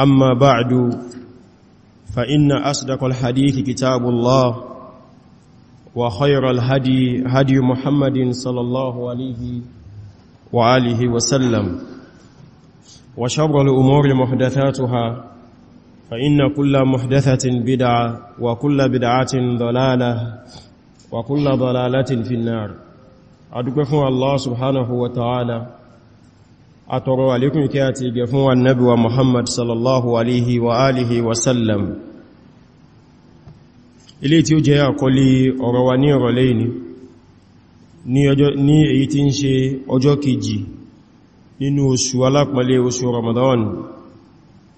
أما بعد فإن أصدق الحديث كتاب الله وخير الهدي هدي محمد صلى الله عليه وآله وسلم وشر الأمور محدثاتها فإن كل محدثة بدعة وكل بدعة ضلالة وكل ضلالة في النار أدقفوا الله سبحانه وتعالى àtọrọ àlékún ìkẹ́ àti ìgẹ̀ fún annabi wa muhammad sallallahu alaihi wa alihi wa sallam ilé tí ó jẹ́ àkọlé ọ̀rọ̀ wa ní ọ̀rọ̀lẹ́ ní ní èyí tí ń ṣe ọjọ́ kejì nínú oṣù alápọ̀lẹ̀ oṣù ramadan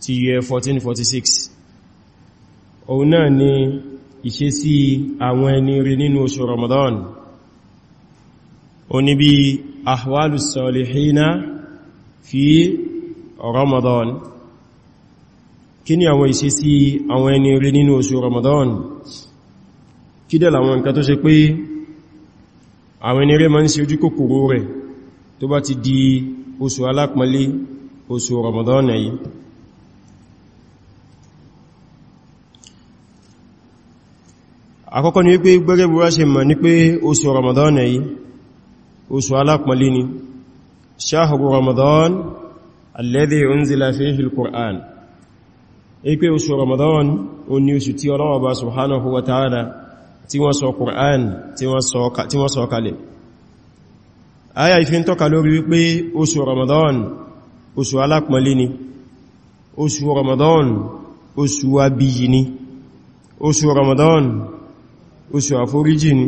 ti yẹ 1446 òun náà ni ìṣesí àwọn ẹni rí nínú oṣù ramadan oní bí salihina fi Ramadan kí ni àwọn ìṣe sí àwọn ẹni rí nínú oṣù Ramadan kí dẹ̀ làwọn nǹkan tó ṣe pé àwọn ẹni rí ma ń ṣe ojú kòkòrò rẹ̀ tó bá ti di oṣù alápọ̀lé oṣù Ramadan yìí àkọ́kọ́ ni wípé gbẹ́gẹ́ bí wá ṣe mọ̀ ní pé oṣù Ramadan yìí oṣù alápọ̀lé ni ṣáhùrù ramadan alladhi unzila fihi al-Qur'an ipe oṣù ramadan o ni oṣù tí Ọlọ́run bá subhanahu wa ta'ala tí wọ́n sọ Qur'an tí wọ́n sọ kalẹ̀ aya ifin tọ́ka lórí wípé oṣù ramadan oṣù alápọ̀lẹ́ ni oṣù ramadan oṣù abiyini oṣù ramadan oṣù àforíjì ni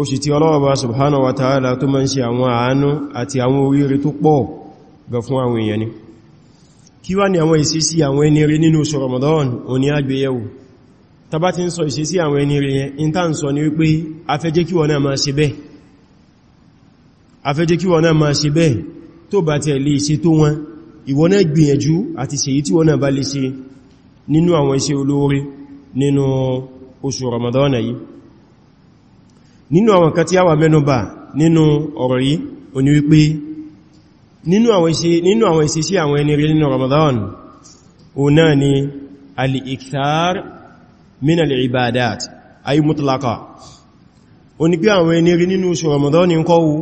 oṣù tí ọlọ́ọ̀bá subhanahu wa ta'ala tó mọ́ sí àwọn àánú àti àwọn oríire tó pọ̀ ga fún àwọn èèyàn ni kí wá ní àwọn ìṣesí àwọn ẹnire nínú oṣù Ramadan òní àgbéyẹ̀wò tàbá ti ń sọ ìṣesí àwọn ẹnire yẹn in ta ń sọ ní wípé afẹ́jẹ́ kí wọ́n náà máa ṣe bẹ́ẹ̀ afẹ́jẹ́ kí wọ́n náà máa ṣe bẹ́ẹ̀ tó bá ti lè ṣe tó wọn ìwọ gbìyànjú àti ṣèyí tí wọ́n náà bá lè ṣe nínú àwọn iṣẹ́ olóore nínú oṣù Ramadan yìí nínú àwọn kan tí a wà mẹ́nubà nínú ọ̀rọ̀ yìí ó ní wípé nínú àwọn isi sí àwọn ẹni rí nínú Ramadan o náà ni al-ikthar min al-ibadat ayi mutlaka ó ní pé àwọn ẹni rí nínú oṣù Ramadan ń kọ́wú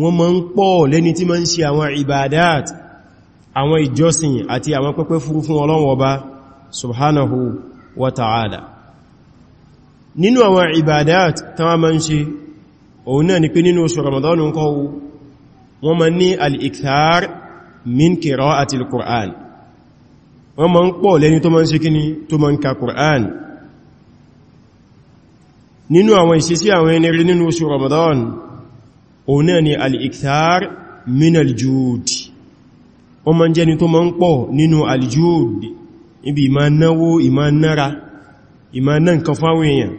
wọ́n ma ń pọ̀ lẹ́ni tí ma ń ṣe àwọn ibadat àwọn ìjọsìn àti àwọn pẹ́pẹ́ fúrufún Ọlọ́run subhanahu wa ta'ala nínú àwọn ibadat tánwà ma ń ṣe òun náà ni pé nínú oṣù Ramadan ń kọ́ wọ́n ma ní al-ikthar min qira'ati al-Qur'an wọ́n ma ń pọ̀ lẹ́ni tó ma ń ṣe kíní tó ma ń ka Qur'an nínú àwọn ìṣesí àwọn ẹniri nínú oṣù Ramadan ìmọ̀ náà nǹkan fún àwọn èèyàn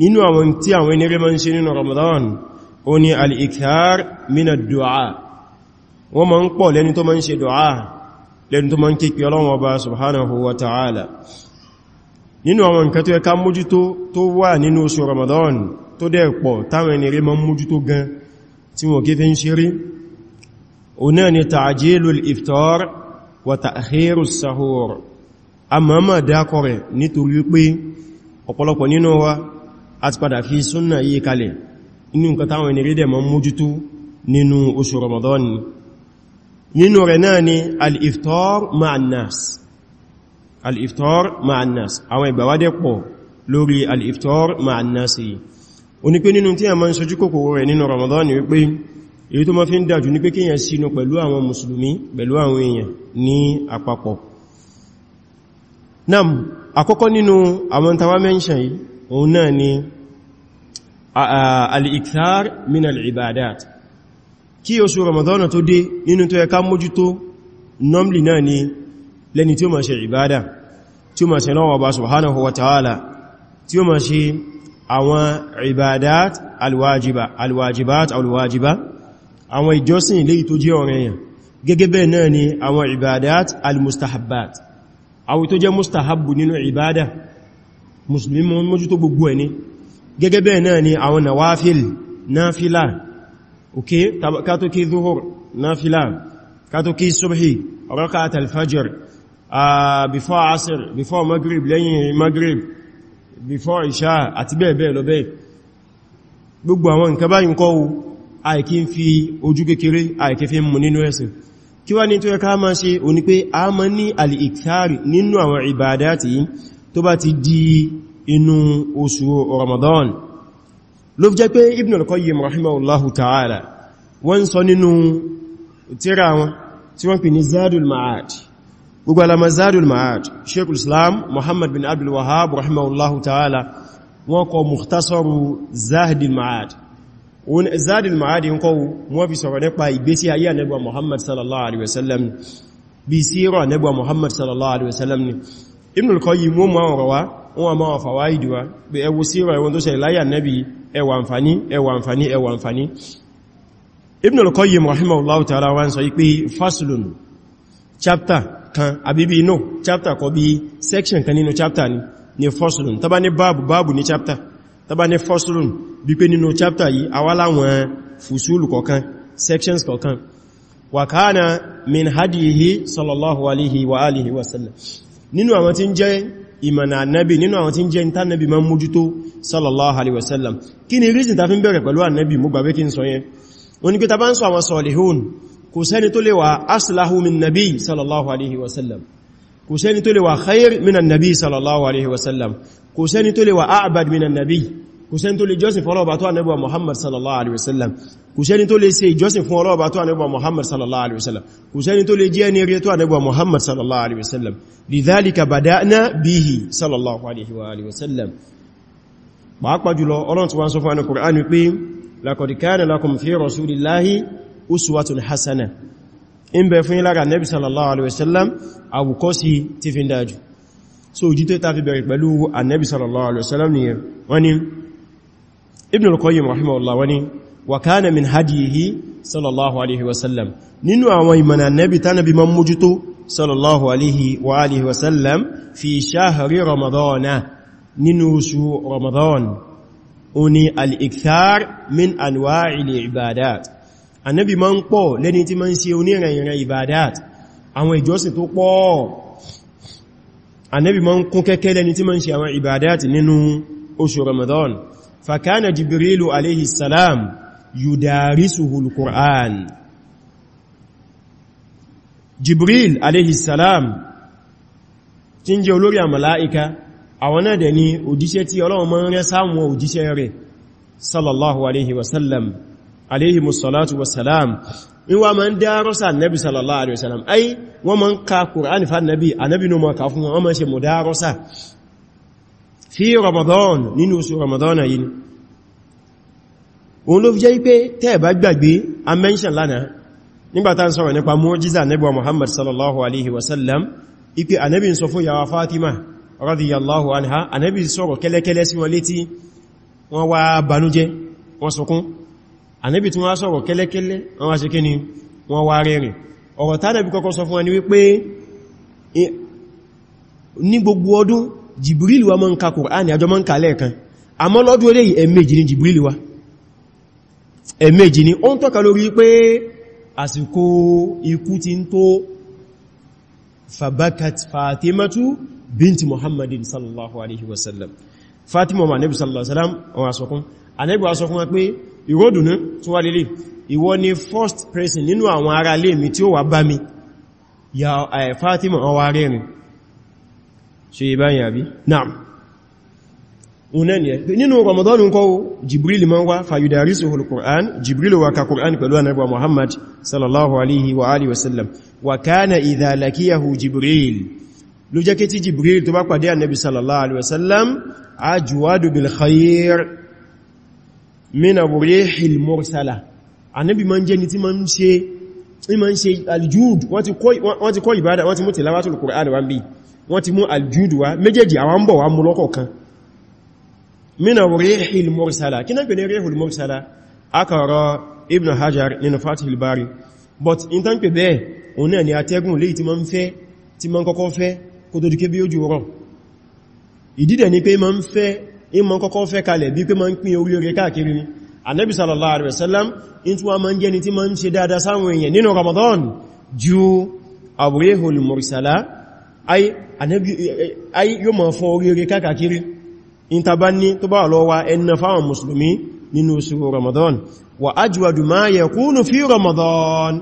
nínú àwọn tí àwọn ẹni rẹ̀ máa ń ṣe nínú Ramadan ó ní al-ikthar mina du'a wọ́n máa ń pọ̀ lẹ́ni tó máa ń ṣe du'a lẹ́ni tó máa ń kéèkì Ọlọ́run Ọba subhanahu wa ta'ala nínú àwọn nǹkan tó yẹ ká mójútó tó iftar wa ta'khirus sahur a mọ̀mọ̀ dákọ̀ rẹ̀ nítorí pé ọ̀pọ̀lọpọ̀ nínú wa a ti padà fi súnnà yí kalẹ̀ inú nǹkan táwọn ènìyàn dẹ̀ mọ́ mójútó nínú oṣù Ramadan nínú rẹ̀ náà ni al-iftar ma'annas al-iftar ma'annas àwọn ìgbàwádẹ́ pọ̀ lórí al-iftar ma'annas yìí o ní pé nínú tí a máa ń sojú kòkòrò rẹ̀ nínú Ramadan wípé èyí tó máa fi ń dájú ní pé kíyàn sínú pẹ̀lú àwọn mùsùlùmí pẹ̀lú àwọn èèyàn ní àpapọ̀ nam àkọ́kọ́ nínú àwọn tàwà mẹ́ṣẹ̀ yìí òun náà ni al-ikthar min al-ibadat kí oṣù Ramadan tó dé nínú tó yẹ ká mójútó normally náà ni lẹni tí ó ma ṣe ìbádà tí ó ma ṣe lọ́wọ́ bá subhanahu wa ta'ala tí ó ma ṣe àwọn ibadat alwajibat alwajiba àwọn ìjọsìn léyìí tó jẹ́ gẹ́gẹ́ bẹ́ẹ̀ náà ni àwọn ibadat almustahabbat àwọn tó jẹ́ mustahabu nínú ìbádà musulmi mọ́jú tó gbogbo ẹni gẹ́gẹ́ bẹ́ẹ̀ náà ni àwọn nawafil náfílà ok kátókí zuhur náfílà kátókí subhi rakat alfajr before asir before maghrib lẹ́yìn maghrib before isha àti bẹ́ẹ̀ bẹ́ẹ̀ lọ bẹ́ẹ̀ gbogbo àwọn nǹkan báyìí kọ́ àìkí ń kí wá ní tó yẹ ká máa ṣe o ní pé a mọ́ ní alìkàrí nínú àwọn ìbàdátì tó bá ti di inú oṣù Ramadan ló fi jẹ́ pé Ibn al-Qayyim rahimahullahu ta'ala wọ́n sọ nínú tírà wọn tí wọ́n pè ní Zadul Ma'ad gbogbo alama Zadul Ma'ad Sheikhul Islam Muhammad bin Abdul Wahhab rahimahullahu ta'ala wọ́n kọ Mukhtasaru Zahdil Ma'ad òun zadil ma'adi ń kọ́wọ́ wọ́n fi sọ̀rọ̀ nípa ìgbésí ayé ànẹ́gbà muhammad sallallahu alaihi wasallam bí síra ànẹ́gbà muhammad sallallahu alaihi wasallam ni Ibn al-Qayyim mú ma ọ̀rọ̀ wa wọ́n ma wọ́n fàwá ìdíwá bí ẹwọ síra ẹwọ́n tó ṣẹlẹ̀ láyé chapter kan àbíbí inú chapter kọ section kan chapter ni ni faslun tàbá ní báàbù chapter tàbá ní fọ́sùlùn bí pé nínú cháptà yìí awáláwọn fùsùlù kọ̀kan sections kọ̀kan wà káàna min hadihi sallallahu alihi wa alihi wasallam nínú àwọn tí ń jẹ́ ìmọ̀nà annabi nínú àwọn tí ń jẹ́ ìta ma ń mójútó sallallahu alihi wasallam kò sẹ́ni tó lè wà áàbàd minan nabi kò sẹ́ni tó lè jọ́sìn fún ọlọ́ọ̀bá tó ànẹ́bà Muhammad sallallahu alaihi wasallam kò sẹ́ni tó lè ṣe ìjọ́sìn fún ọlọ́ọ̀bá tó ànẹ́bà Muhammad sallallahu alaihi wasallam kò sẹ́ni tó lè jẹ́ ẹni rí tó ànẹ́bà Muhammad sallallahu alaihi wasallam lidhalika bada'na bihi sallallahu alaihi wa alihi wasallam pàápàá jùlọ Ọlọ́run wá sọ fún ànà Qur'an pé laqad kana lakum fi rasulillahi uswatun hasana in bẹ fún yín lára sallallahu alaihi wasallam àwùkọ́ sí ti fi dájú so òjítẹ́ ta fi bẹ̀rẹ̀ pẹ̀lú annabi sallallahu alaihi wasallam ni wani ibn al-qayyim rahimahullah wani wa kana min hadihi sallallahu alaihi wasallam nínú àwọn ìmọ̀nà annabi ta nabi man mójútó sallallahu alaihi wa alihi fi shahri ramadana nínú oṣù ramadan oni al-ikthar min anwa'il ibadat annabi man pọ̀ lẹ́ni tí man ṣe onírin ibadat àwọn ìjọsìn tó pọ̀ annabi ma ń kún kẹ́kẹ́ lẹni tí ma ń ṣe àwọn ibadat nínú oṣù ramadan fakana jibrilu alaihi salam yudarisuhul qur'an jibril alaihi salam tí ń jẹ́ olórí àmàláìka àwọn náà dẹ̀ ni òjíṣẹ́ tí ọlọ́run ma ń rẹ́ ìwà ma ń dá rọ́sà nẹ́bí sallallahu alaihi wasallam ai wọ́n ma ń ka kùránì fa nẹ́bí anẹ́bí ní ma ka fún wọn ma ṣe mọ̀ dá rọ́sà fi ramadan nínú oṣù ramadan yìí òun ló fi jẹ́ pé tẹ́ bá gbàgbé a mention lánàá nígbàtà ń sọ̀rọ̀ nípa mọ́jíza nẹ́bí wa muhammad sallallahu alaihi wasallam ipe anẹ́bí sọ fún yàwá fatima radiyallahu anha anẹ́bí sọ̀rọ̀ kẹ́lẹ́kẹ́lẹ́ sí wọn létí wọ́n wá banújẹ́ wọ́n sọkún ànábì tí wọ́n sọ̀rọ̀ kẹ́lẹ́kẹ́lẹ́ wọ́n wá sí kí ni wọ́n wá rẹ̀rìn ọ̀rọ̀ tánàbí kọ́kọ́ sọ fún wa ní wípé ní gbogbo ọdún Jibril wa máa ń ka Kùránì àjọ máa ń lẹ́ẹ̀kan àmọ́ lọ́dún eléyìí ẹ̀mẹ́jì ni Jibril wa ẹ̀mẹ́jì ni ó ń tọ́ka lórí pé àsìkò ikú ti ń tó fabakat Fatimatu binti Muhammadin sallallahu alaihi wasallam Fatima wa nabi sallallahu alaihi wasallam ìwọ́dùnú tó wà lélẹ̀ ìwọ ni first person nínú àwọn ará ilé mi tí ó wà bá mi ya Fatima ọwà rẹ̀rin ṣe ìbáyìn àbí naam unẹ́ni ẹ̀ nínú Ramadan ń kọ́ Jibril ma ń wá fayudarisi al-Qur'an Jibril wá ka Qur'an pẹ̀lú anábà Muhammad sallallahu alaihi wa alihi wasallam wa kana idha lakiyahu Jibril ló jẹ́ kí Jibril tó bá pàdé annabi sallallahu alaihi wasallam ajwadu bil khair mina rihil mursala Ànábì man jẹ́ ni tí man ṣe man ṣe aljud wọ́n ti kọ́ wọ́n ti kọ́ ìbádà wọ́n ti mú tilawatul qur'an wá nbi wọ́n ti mú aljud wá méjèèjì àwọn bọ̀ wá mú lọ́kọ̀ kan mina rihil mursala kina pè ní rihil akara ibn hajar nínú fatihul bari but in tan pè bẹ́ẹ̀ òun náà ni atẹ́gùn lèyí tí man fẹ́ tí man kọ́kọ́ fẹ́ kó tó di fẹ́ ìmọ̀ kọ́kọ́ fẹ́ kalẹ̀ bí pé ma ń pín orí orí káàkiri ni annabi sallallahu alaihi wasallam in tí wọ́n ma ń jẹ́ ni tí ma ń ṣe dáadáa sáwọn èèyàn nínú ramadan ju aburehul mursala ai yóò ma fọ́ orí orí káàkiri in ta bá ní tó bá lọ́wà ẹnà fáwọn musulmi nínú oṣù ramadan wa ajwadu ma yakunu fi ramadan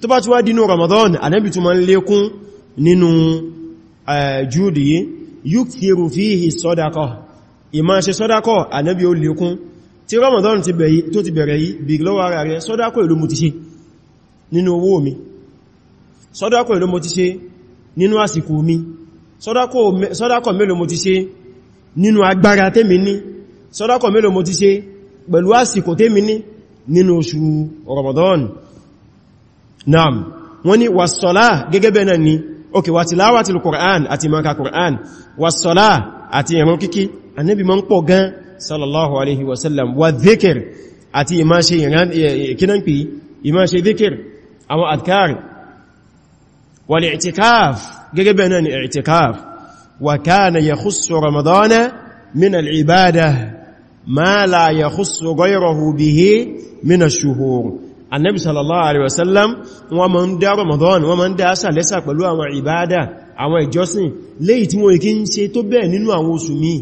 tó bá ti wá dínú ramadan annabi tó ma ń lékún nínú eh, júdìí yukfiru fihi sadaqah ìmá ṣe sọ́dákọ̀ ànábí ó lékún tí Ramadan tó ti bẹ̀rẹ̀ yìí bí lọ́wọ́ ara rẹ̀ sọ́dákọ̀ èló mo ti ṣe nínú owó mi sọ́dákọ̀ èló mo ti ṣe nínú àsìkò mi sọ́dákọ̀ mélòó mo ti ṣe nínú agbára tèmi ní sọ́dákọ̀ mélòó mo ti ṣe pẹ̀lú àsìkò tèmi ní nínú oṣù Ramadan naam wọ́n ni wàsọ́lá gẹ́gẹ́ okay wa tìláwà tilawati alquran àti man ka wa sọ́lá àti ìrun kíkí annabi man pọ̀ gan sallallahu alaihi wasallam wa zikir àti ima ṣe ìran kinan pi ima ṣe zikir àwọn adkar wà wal i'tikaf gẹ́gẹ́ bẹ́ẹ̀ náà ni i'tikaf wa kana ya yakhussu ramadana min al ibada ma la ya yakhussu gairahu bihi min al shuhur annabi sallallahu alaihi wasallam wọ́n ma ń dá ramadan wọ́n ma ń dá ásà lẹ́sà pẹ̀lú àwọn ìbádà àwọn ìjọsìn léyìí tí wọ́n yìí kí ń ṣe tó bẹ́ẹ̀ nínú àwọn oṣù mi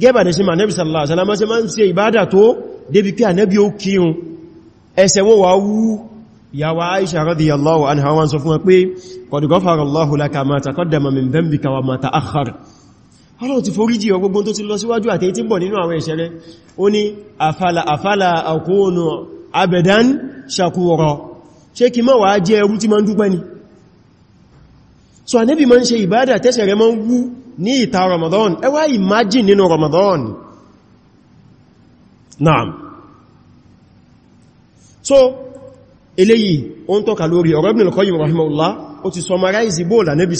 gẹ́bà ní ṣe ma annabi sallallahu alaihi wasallam ṣe ma ń ṣe ìbádà tó débi pé annabi ó kírun ẹsẹ̀ wọ́n wá wú yàwà aisha radiyallahu anha wọ́n sọ fún wa pé qad ghafara Allahu laka ma taqaddama min dhanbika wa ma ta'akhkhar ọlọ́run ti foríjì ọgbogbo tó ti lọ síwájú àti tí bọ̀ nínú àwọn ẹ̀ṣẹ̀ ó ní àfàlà àfàlà àkóónù abẹ̀dán ṣàkúrọ̀ ṣe kí mọ́ wà jẹ́ ẹrú tí ma ń dúpẹ́ ni so anẹ́bì ma ń ṣe ìbádà tẹ́sẹ̀ rẹ ma ń wú ní ìta Ramadan ẹ wá imagine nínú Ramadan naam so eléyìí ó ń tọ́ka lórí ọ̀rọ̀ Ibn al-Qayyim rahimahullah ó ti summarize bóòlà nẹ́bì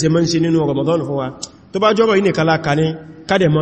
Ramadan fún wa tó bá jọ́rọ̀ yìí nìkan lákaní kádẹ̀ ma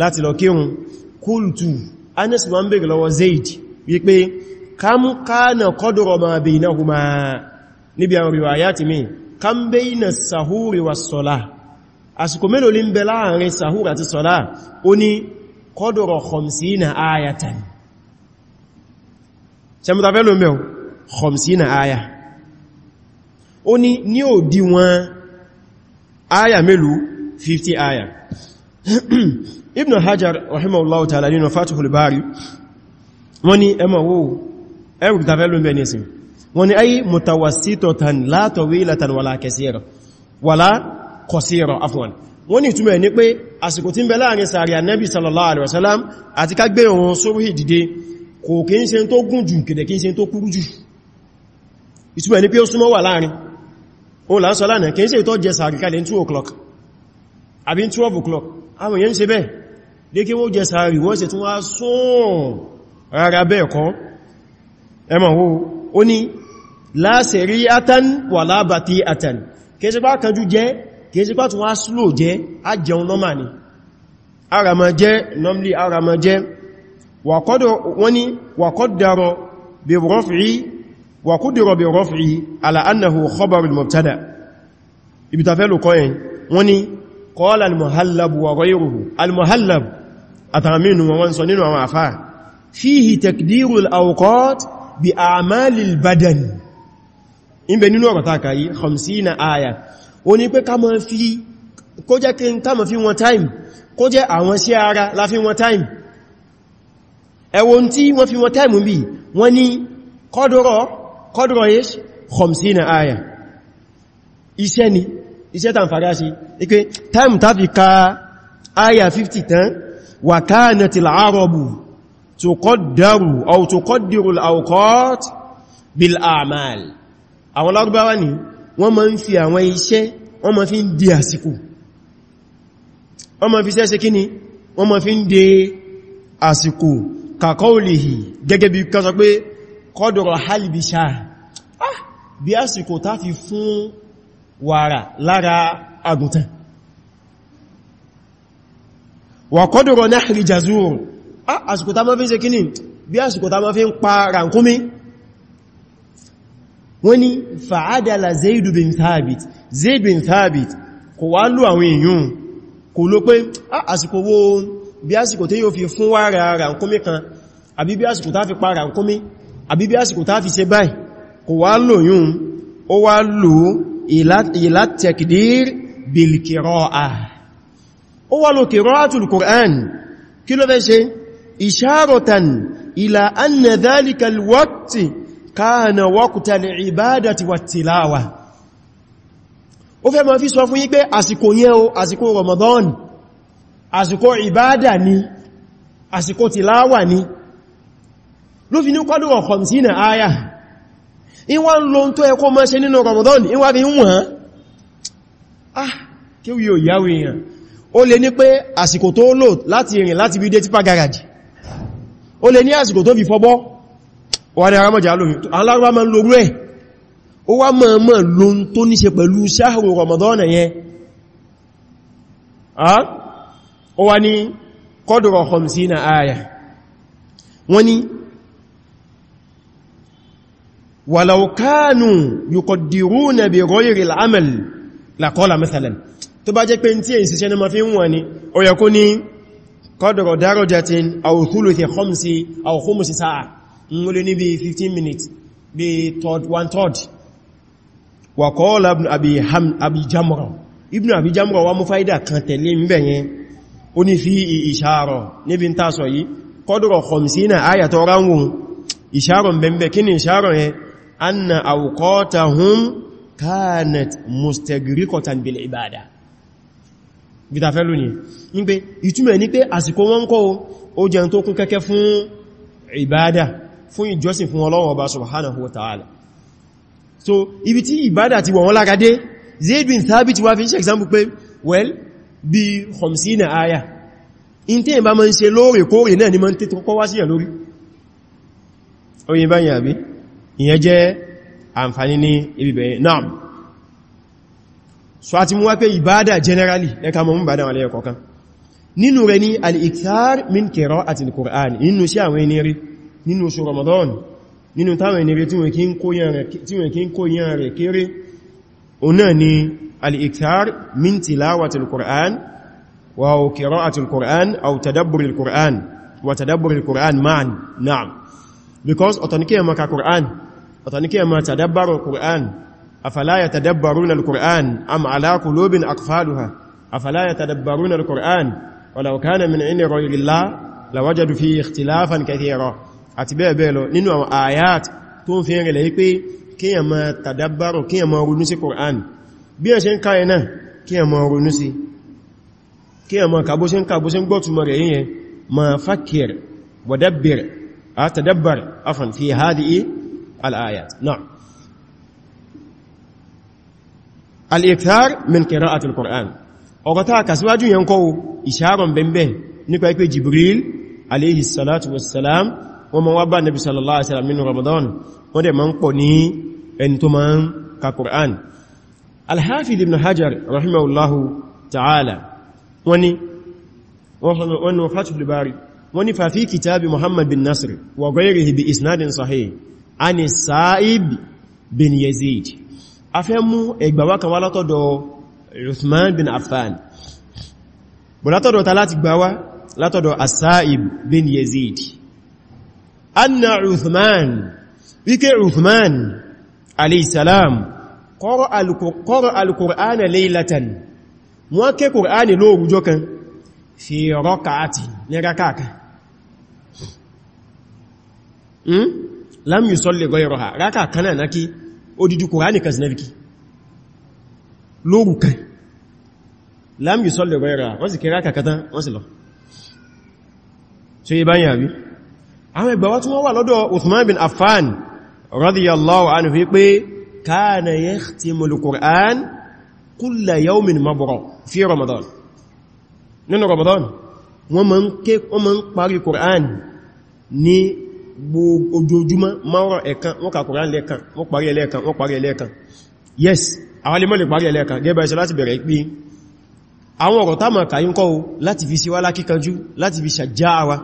láti lọ kírun kúltù anas ma ń bèèrè lọ́wọ́ zaid wípé kam kana qadru ma baynahuma níbi àwọn riwayati mi kam bayna sahúri wa sọ́lá àsìkò mélòó ní bẹ láàrin sahúri àti sọ́lá ó ní qadru khamsina ayatan sẹmútafẹ́lò aya ó ní ní aya mélòó 50 aya ibn hajar rahimahullahu ta'ala nínú fatihul bari wọ́n ní ẹmọ̀ wo ẹrù tafẹ́ ló ń bẹ nísìn wọ́n ní ayi mutawassitatan la tawilatan wala kasira wala qasira afwan wọ́n ní ìtumọ̀ ní pé àsìkò tí ń bẹ láàrin sàárì annabi sallallahu alaihi wasallam àti ká gbé wọn sórí dìde kò kí ń ṣe tó gùn jù kìdẹ̀ kí ń ṣe tó kúrú jù ìtumọ̀ àbí 12 o'clock àwọn èèyàn ń ṣe bẹ́ẹ̀ lékí wó jẹ sàárì wọ́n sì tún wá sóòrùn rárá bẹ́ẹ̀ kọ́ ẹmọ̀ wo ó ní láàṣẹ̀rí átán wà lábàtí átán kèsí pá kanjú jẹ́ kèsí pá tún wá slò jẹ́ á jẹun lọ́mà ni arama jẹ́ normally arama jẹ́ wọ́n ní wàkọ́dọ̀rọ̀ bí wọ́n ní qala al-muhallab wa ghayruhu al-muhallab àtàmínú wọn sọ nínú àwọn àfáà fíhì takdirul awqat bí àmàlìl badani in bẹ nínú ọ̀rọ̀ tàkà yí 50 àyà o ní pé kàmọ̀ fi kó jẹ́ kí n kàmọ̀ fi wọn time kó jẹ́ àwọn sí ara láfi wọn time ẹwọ́n tí wọ́n fi wọn time bí wọ́n ní kọ́dọ̀rọ̀ kọ́dọ̀rọ̀ yíṣ 50 àyà àyà وكانت العرب تقدر أو تقدر الأوقات بالأعمال àwọn lárúbáwá ni wọ́n ma ń fi àwọn iṣẹ́ wọ́n ma fi ń dè àsìkò wọ́n ma fi ṣe ṣe kí ni wọ́n ma fi ń dè àsìkò kàkọ́ọ̀lìhì gẹ́gẹ́ bí kan sọ pé kọ́dọ̀rọ̀ halibisha ah, bí àsìkò tá fi fún wàrà lára àgùntàn wà kọ́dùrọ̀ náà rí jazúrù àsìkò tá ma fi ń ṣe kíní bí àsìkò tá ma fi ń pa ràǹkúmí wọ́n ni fa'adala zaidu bin thabit zaid bin thabit kò wá lú àwọn èèyàn kò ló pé àsìkò wo bí àsìkò tí yóò fi fún wá ràǹkúmí kan àbí bí ó wà ló qira'atul Qur'an kí ló fẹ́ ṣe isharatan ila anna dhalika alwaqti kana waqtan ibadati wattilawa ó fẹ́ ma fi sọ fún yín pé àsìkò yẹn o àsìkò Ramadan àsìkò ìbádà ni àsìkò tìláwà ni ló fi ní kọ́dùwọ̀ khamsina ó lè ní pé àsìkò tó lò láti ìrìn láti bí dé tipa garaji ó lè ní àsìkò tó fi fọ́bọ́ wà ní ara mọ́jà lórí alárùwá ma ń lórú ẹ̀ ó wá mọ́ mọ́ ló ń tó ní pẹ̀lú sáàrùn la qala mathalan tó bá jẹ́ pé tí èyí ṣiṣẹ́ náà fi ń wọ̀n ni ó yẹ kó ní kọ́dọ̀rọ̀ darajatin àwòkúlò ti khamsi àwòkúmùsí sáà ń lè ní bí 15 minutes bí one third wà kọ́ọ̀lá Abi Jamra ibn Abi Jamra wa mú fáídà kan tẹ̀lé mbẹ̀yẹn ó ní fi ìṣàrọ̀ níbi ń tàṣọ yìí kọ́dọ̀rọ̀ khamsina ayàtọ̀ ránwùn ìṣàrọ̀ mbẹ̀mbẹ̀ kí ni ìṣàrọ̀ yẹn anna kanat mustagrikatan bil ibada bíta fẹ́ lónìí ní pé ìtumẹ̀ ní pé àsìkò wọn kọ́ ó jẹ́ tó kún kẹ́kẹ́ fún ìbádà fún ìjọsìn fún Ọlọ́run Ọba subhanahu wa so ibi tí ìbádà ti wọ̀ wọ́n lágadé Zaid bin Thabit wá fi ṣe example pé well bí khamsina aya in tí ìbá ma ń ṣe lóòrèkóòrè náà ni ma ń tẹ́ kọ́kọ́ wá sí ẹ̀ lórí oyin báyìí àbí so àti mú wá pé ìbádà generally ẹka mọ̀ mú bàdá wọn lẹ́yẹ kọ̀kan nínú rẹ̀ ní al-ikthar min qira'ati al-Qur'an nínú sí àwọn ẹnire nínú oṣù Ramadan nínú táwọn ẹnire tí wọ́n kí ń kó yán rẹ̀ kéré ọ̀nà ni al-ikthar min tilawati al-Qur'an wa qira'ati al-Qur'an aw tadabburi al-Qur'an wa tadabburi al-Qur'an ma'an na'am because ọ̀tọ̀ ni kí ẹ máa ka Qur'an ọ̀tọ̀ ni kí ẹ Qur'an أفلا يتدبرون القرآن أم على قلوب أقفالها أفلا يتدبرون القرآن ولو كان من عند غير الله لوجدوا فيه اختلافا كثيرا أتبع بيلو نينو آيات تون فين رليكي كي ما تدبروا كي ما رنسي قرآن بيان شين كاينا كي ما رنسي كي ما كابوشين كابوشين بوتو مريين ما فكر ودبر أتدبر أفن في هذه الآيات نعم al-ikthar min qira'ati al-Qur'an ọ̀rọ̀ tá yanko yẹn kọ́ ìṣàrùn bẹ̀m̀bẹ̀ nípa ipé Jibril alayhi salatu wassalam wọ́n ma wá bá nabi sallallahu alaihi wasallam Ramadan wọ́n dẹ̀ ma ń ní ẹni ka Qur'an al-Hafidh ibn Hajar rahimahullahu ta'ala wani wani fatul bari wani fafi kitabi Muhammad bin Nasir wa ghairihi bi isnadin sahih an Sa'ib bin Yazid a fẹ́ mú ẹgbàwá kan wá látọ̀dọ̀ Uthman bin Affan bọ̀ látọ̀dọ̀ ta láti gbàwá látọ̀dọ̀ As-Sa'ib bin Yazid anna Uthman wíké Uthman aleyhisselam qara al-Qur'ana laylatan wọ́n ké Qur'ani lóòrùjọ kan fi raka'ati ní rákàkà hmm? lam yusalli ghayraha rákà kanáà náà kí odidi kùránì kan sinẹ́fikì lóòrù kan láàmì sọ́lẹ̀ rẹ̀rà wọ́n sì kẹrà kàkàtà wọ́n sì lọ ṣe ibáyìn àbí àwọn ìgbàwá tí wọ́n wà lọ́dọ̀ Uthman bin Affan radiyallahu anhu pé kana yakhtimul Qur'an kulla yawmin mabru fi Ramadan nínú Ramadan wọ́n ma ń parí ojoojúmọ́ mọ́rọ̀ ẹ̀kan wọ́n ka Kùránì lẹ́ẹ̀kan wọ́n parí ẹlẹ́ẹ̀kan wọ́n parí ẹlẹ́ẹ̀kan yes àwọn limọ́ lè parí ẹlẹ́ẹ̀kan gẹ́bẹ̀ ẹ̀ṣẹ́ láti bẹ̀rẹ̀ pé àwọn ọ̀rọ̀ táàmà kàyínkọ́ láti fi síwá lákíkanjú láti fi ṣàjá ara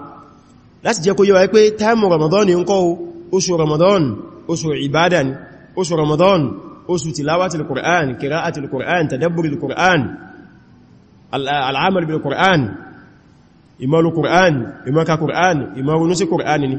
láti jẹ́ kó yé wa pé táìmù Ramadan ń kọ́ oṣù Ramadan oṣù ìbádà ni oṣù Ramadan oṣù tilawatil Qur'an qira'atil Qur'an tadabburil Qur'an al'amal bil Qur'an imalu Qur'an imaka Qur'an imarunu sí Qur'an ni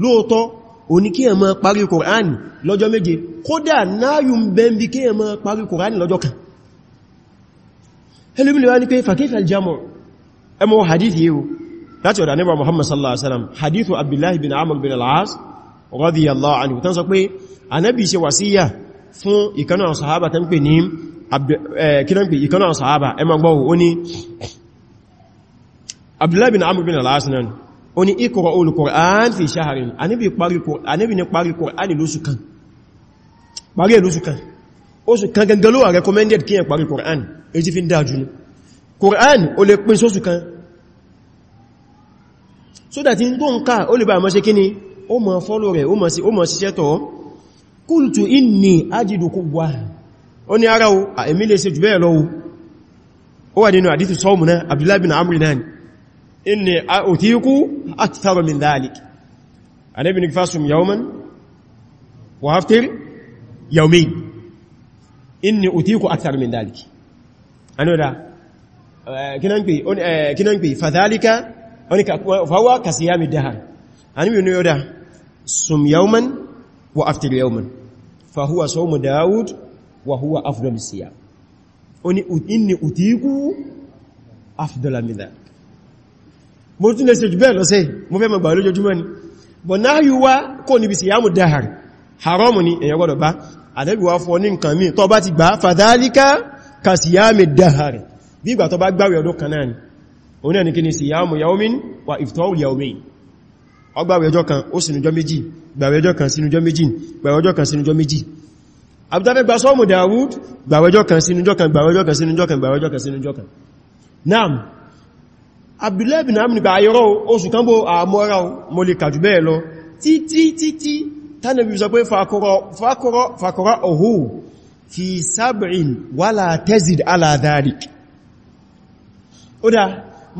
lóòtọ́ òní kí ẹ máa parí Kùránì lọ́jọ́ méje kódà náàyù ń bẹ́ ń bí kí ẹ máa parí Kùránì lọ́jọ́ kan ẹlùmílẹ̀ wá ní pé fàkífà jamọ̀ ẹmọ hadith yíò láti ọ̀dà nígbà Muhammad sallallahu alaihi wasallam hadithu Abdullahi bin Amr bin al-As radiyallahu anhu tán sọ pé Ànábì ṣe wàsíyà fún ìkanú àwọn sahaba tán pè ní ìkanú àwọn sahaba ẹmọ bin Amr bin al-As ó ní ikọ̀rọ̀ olùkọ̀rán fi ṣáàrin aníbi ni parí kọ̀rán lóṣù kan parí lóṣù kan oṣù kan gangan ló wà recommended kíyàn parí kọ̀rán èyí fi ń dájú ní kọ̀rán o lè pín sóṣù kan so that in tó ń ká o lè bá mọ́ ṣe kí ni ó mọ̀ fọ́lọ̀ rẹ̀ o mọ̀ síṣẹ́ tọ́ qultu inni ajidu quwwa ó ní ara o èmi lè ṣe jù bẹ́ẹ̀ lọ ó wà nínú hadithu sọ́ọ̀mù náà Abdullah bin Amr náà inni òtíkú أكثر من ذلك أنا ابن فاصم يوما وهفتر يومين إني أتيك أكثر من ذلك أنا لا آه، كنا آه، فذلك فهو كسيام الدهر أنا ابن يودا سم يوما وأفتر يوما فهو صوم داود وهو أفضل السيام إني أتيك أفضل من ذلك mo tún lè ṣe jù bẹ́ẹ̀ lọ́sẹ̀ mo fẹ́ mọ̀ gbà lójoojúmọ́ ni bọ̀ náà yíò wá kò níbi sí yàmù dáhàrì haramu ni èyàn gbọ́dọ̀ bá àdẹ́bì wá fọ́ ní nǹkan mí tọ́ bá ti gbà fàdálíká ka sí yàmù dáhàrì bí ìgbà tọ́ bá gbàwẹ̀ ọdún kan náà ni òun náà ni kí ni sí yàmù yaumin wa iftaru yaumin ó gbàwẹ̀ ọjọ́ kan ó sinújọ́ méjì gbàwẹ̀ ọjọ́ kan sinújọ́ méjì gbàwẹ̀ ọjọ́ kan sinújọ́ méjì abúdáfẹ́ gba sọ́ọ̀mù Dawud gbàwẹ̀ ọjọ́ kan sinújọ́ kan gbàwẹ̀ ọjọ́ kan sinújọ́ kan gbàwẹ̀ ọjọ́ kan sinújọ́ kan naam Abdullahi bin Amr gba ayọ́rọ̀ oṣù kan bó àmọ́ra mo lè kàjù bẹ́ẹ̀ lọ títí títí tánàbí sọ pé fàkọ́rọ̀ ọ̀hù fi sab'in wala tazid ala dhalik ó dá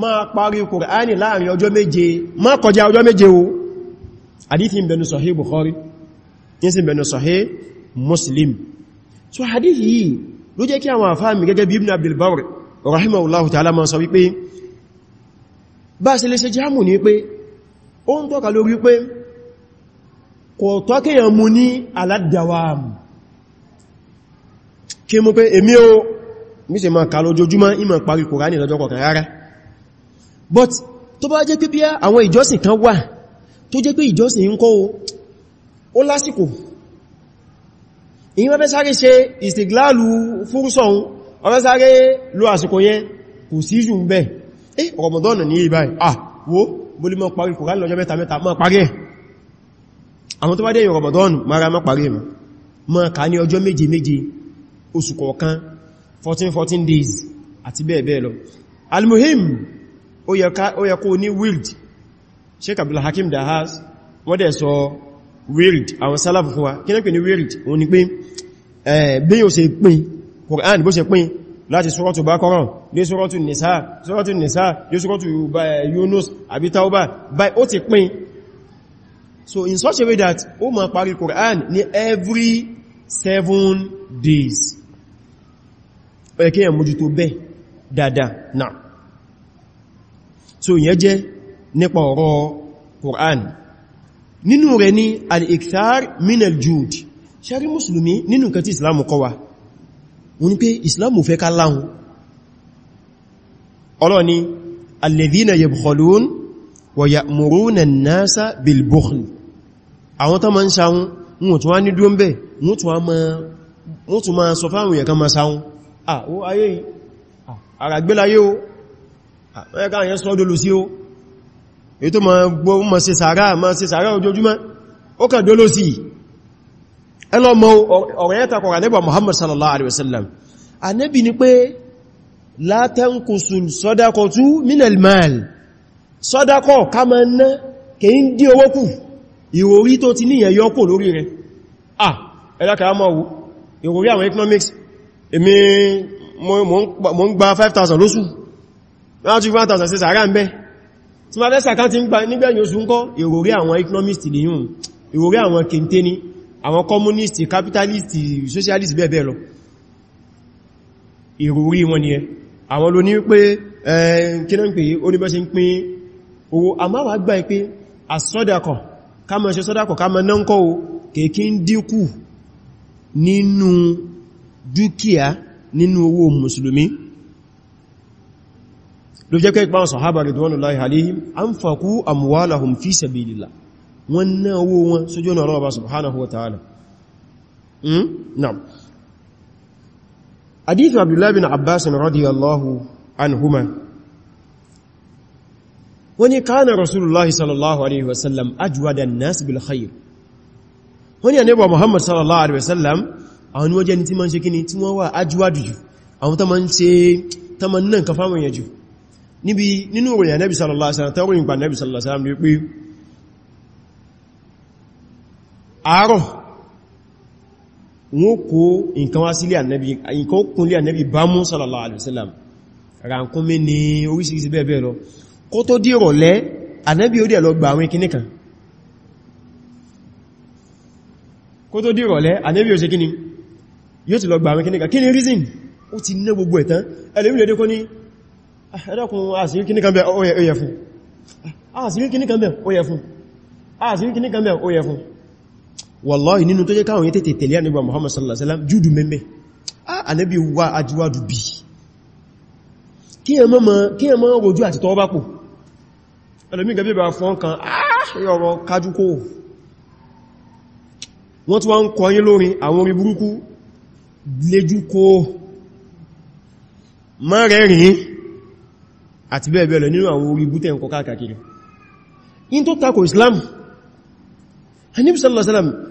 máa parí Kùránì láàrin ọjọ́ méje má kọjá ọjọ́ méje o hadithi ń bẹnu Sahih Bukhari yínsí bẹnu Sahih Muslim so hadithi yìí ló jẹ́ kí àwọn àfáàmì gẹ́gẹ́ bí Ibn Abdul rahimahullahu ta'ala ma sọ wípé bá ṣe lè ṣe jámù ní pé ó ń tọ́ka lórí pé kò tọ́ kíyàn mú ní aládàwàmù kí mú pé èmi o mi ṣe máa kà lójoojúmọ́ ìmọ̀ parí Kùránì lọ́jọ́ kọ̀kan rárá but tó bá jẹ́ pé bí àwọn ìjọsìn kan wà tó jẹ́ pé ìjọsìn ń kọ́ ó lásìkò ìyìn wọ́n fẹ́ sáré eh Ramadan ní ibáyìí ah wo bólí mọ́ parí Kùránì lọ́jọ́ mẹ́ta mẹ́ta mọ́ parí ẹ̀ àwọn tó bá dẹ̀yìn Ramadan mara mọ́ parí mọ́ mọ́ ká ní ọjọ́ méje méje oṣù kọ̀ọ̀kan 14 14 days àti bẹ́ẹ̀ bẹ́ẹ̀ lọ almuhim ó yẹ kó ní wild Sheikh Abdul Hakim Dahas wọ́n dẹ̀ sọ wild àwọn sálàfù fún wa kí ni pé wild òun ni pé eh, bí yóò ṣe pín Kùránì bó ṣe láti suratu Baqarah dé suratu Nisa suratu Nisa dé suratu eh, Yunus àbí Tauba by ó ti pín so in such a way that ó máa parí Quran ní every seven days ó yẹ kí èèyàn mójútó bẹ́ẹ̀ so ìyẹn jẹ́ nípa ọ̀rọ̀ Quran nínú rẹ̀ ní al-ikthar min al-jud ṣe rí mùsùlùmí nínú nǹkan tí Islam wọ́n ní pé islam fẹ́ ká láhun ọlọ́ ni alladhina yabkhulun wa ya'muruna an-nasa bil-bukhl àwọn tó ma ń sáhun wọ́n tún wá ní dúró ń bẹ̀ ma sọ fáwọn èèyàn kan ma sáhun ah ó ayé yìí àràgbélayé ó ẹ̀ká àyẹ́ sọ́dọ̀ lò sí ó èyí tó ma gbọ́ ma ṣe sàárà ma ṣe sàárà ojoojúmọ́ ó kà dóló sí ẹlọ́mọ ọ̀rọ̀ yẹta kọ̀rọ̀ anẹ́bà Muhammad sallallahu alaihi wasallam anẹ́bì ni pé látẹ́nkùsùn sọ́dákọ̀ tú minal mal sọ́dákọ̀ ká ma ná kèyí ń dí owó kù ìròrí tó ti níyàn yọ́kò lórí rẹ̀ ah ẹlọ́kà ìròrí àwọn economist nìyàn ìròrí àwọn kèntè ni àwọn communist capitalist socialist bẹ́ẹ̀ bẹ́ẹ̀ lọ ìròrí wọn ni ẹ àwọn ló ní pé kíná ń pè ó ní bọ́ sí ń pín owó àmáwà gbà pé àsọ́dàkọ̀ ká má ṣe sọ́dàkọ̀ ká má náǹkọ́ o kèkí ń dínkù nínú dúkìá nínú owó mùsùlùmí ló jẹ́ pé ìpáwọn sọ̀hábà ridwanullahi alayhim anfaqu amwalahum fi sabilillah wọ́n ná owó wọn sójú ọ̀nà ọlọ́ọ̀bá subhanahu wa ta'ala hmm? hadithu abdullahi bin abbas radiyallahu anhuma wọ́n ní kana rasulullahi sallallahu alaihi wasallam ajwada an-nas bil khair wọ́n ní àníbà muhammad sallallahu alaihi wasallam àwọn ni wọ́n jẹ́ ni tí ma wọ́n wà ajwadu jù àwọn tó ma ń ṣe tó ma ka fáwọn yẹn jù níbi nínú ìròyìn ànábì sallallahu alaihi wasallam tó ròyìn àárọ̀ wọ́n kó nǹkan wá sílé ànẹ́bí nǹkan ó kúnlé ànẹ́bí bá mú sallallahu alaihi wasallam ràǹkúnmí ní oríṣìíríṣìí bẹ́ẹ̀ bẹ́ẹ̀ lọ kó tó dí ìrọ̀lẹ́ ànẹ́bí ó dẹ̀ lọ gba àwọn ikini kan kó tó dí ìrọ̀lẹ́ ànẹ́bí ó ṣe kíni yóò ti lọ gba àwọn ikini kan kíni reason ó ti ná gbogbo wallahi nínú tó jẹ́ káwọn yẹ́ tètè tẹ̀lé àníbà Muhammad sallallahu alaihi wasallam jùdù mẹ́mẹ́ ah, ànábì wá ajíwádù bí kí ẹ mọ́ rojú àti tọwọ́ bá pò ẹlòmí gẹ́bẹ̀ bá fún ọkàn ààrọ̀ ah, kájúkó wọ́n tí wọ́n ń kọ yín lórin àwọn orin burúkú léjúkó mọ́rẹ̀rin àti bẹ́ẹ̀bẹ́ẹ̀ lọ nínú àwọn orin bútẹ̀ ń kọ káàkiri in tó tako Islam Ànábì sallallahu alaihi wasallam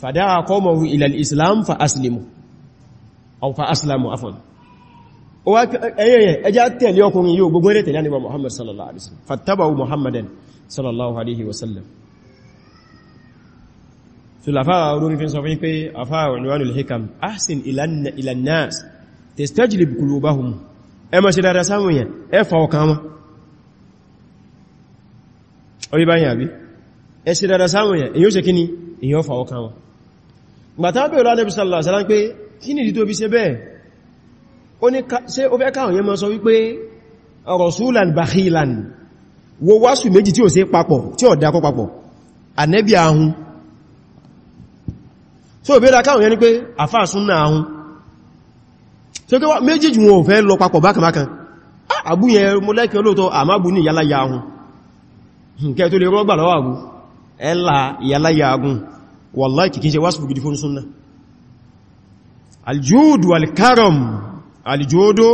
فدعا قومه إلى الإسلام فأسلموا أو فأسلموا عفوا ẹjá tẹ̀lé ọkùnrin yóò gbogbo ẹ̀rẹ́ tẹ̀lé àníwà Muhammad sallallahu alaihi wasallam fattabawu Muhammadan sallallahu alaihi wasallam tulafa olórin fi ń sọ fún pé afá Unwanul Hikam ahsin ila an-nas tastajlib qulubahum ẹ má ṣe dada sáwọn yẹn ẹ fa ọkàn wọn orí báyìí àbí ẹ ṣe dada sáwọn èyí ó ṣe kíní èyí ó fa ọkàn wọn gbàtàbẹ̀ ọ̀lá Ànábì sallallahu alaihi wasallam pé kí nìdí tó bí ṣe bẹ́ẹ̀ ó ní ṣe ó fẹ́ káwọn yẹn mọ́ sọ wípé rasulan bakhilan wo wásù méjì tí ó ṣe papọ̀ tí ó dákọ papọ̀ Ànábì ahun so ahụ káwọn yẹn ni pé àfáà súnnà ahun so wallahi kìí ṣe wáṣùfù gidi fún súnnà aljóòdù walkaram aljóòdù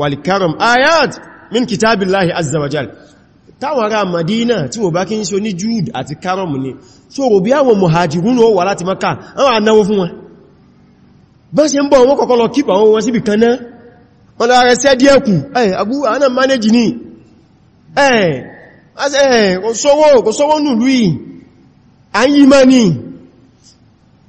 walkaram ayat min kitabillahi azzawajal táwọn ará madina tí wọ́n bá kí ń ṣe ní jude àti karam ni so rò bí àwọn muhajirun wà láti maka àwọn anáwó fún wọn bá ṣe ń bọ̀ wọ́n kọ́kọ́ lọ kípa wọn síbì kan náà wọ́n lára ṣẹ́ díẹ̀ ẹ̀ agbú àánà manage ní ẹ̀ kò sówó nùlú yìí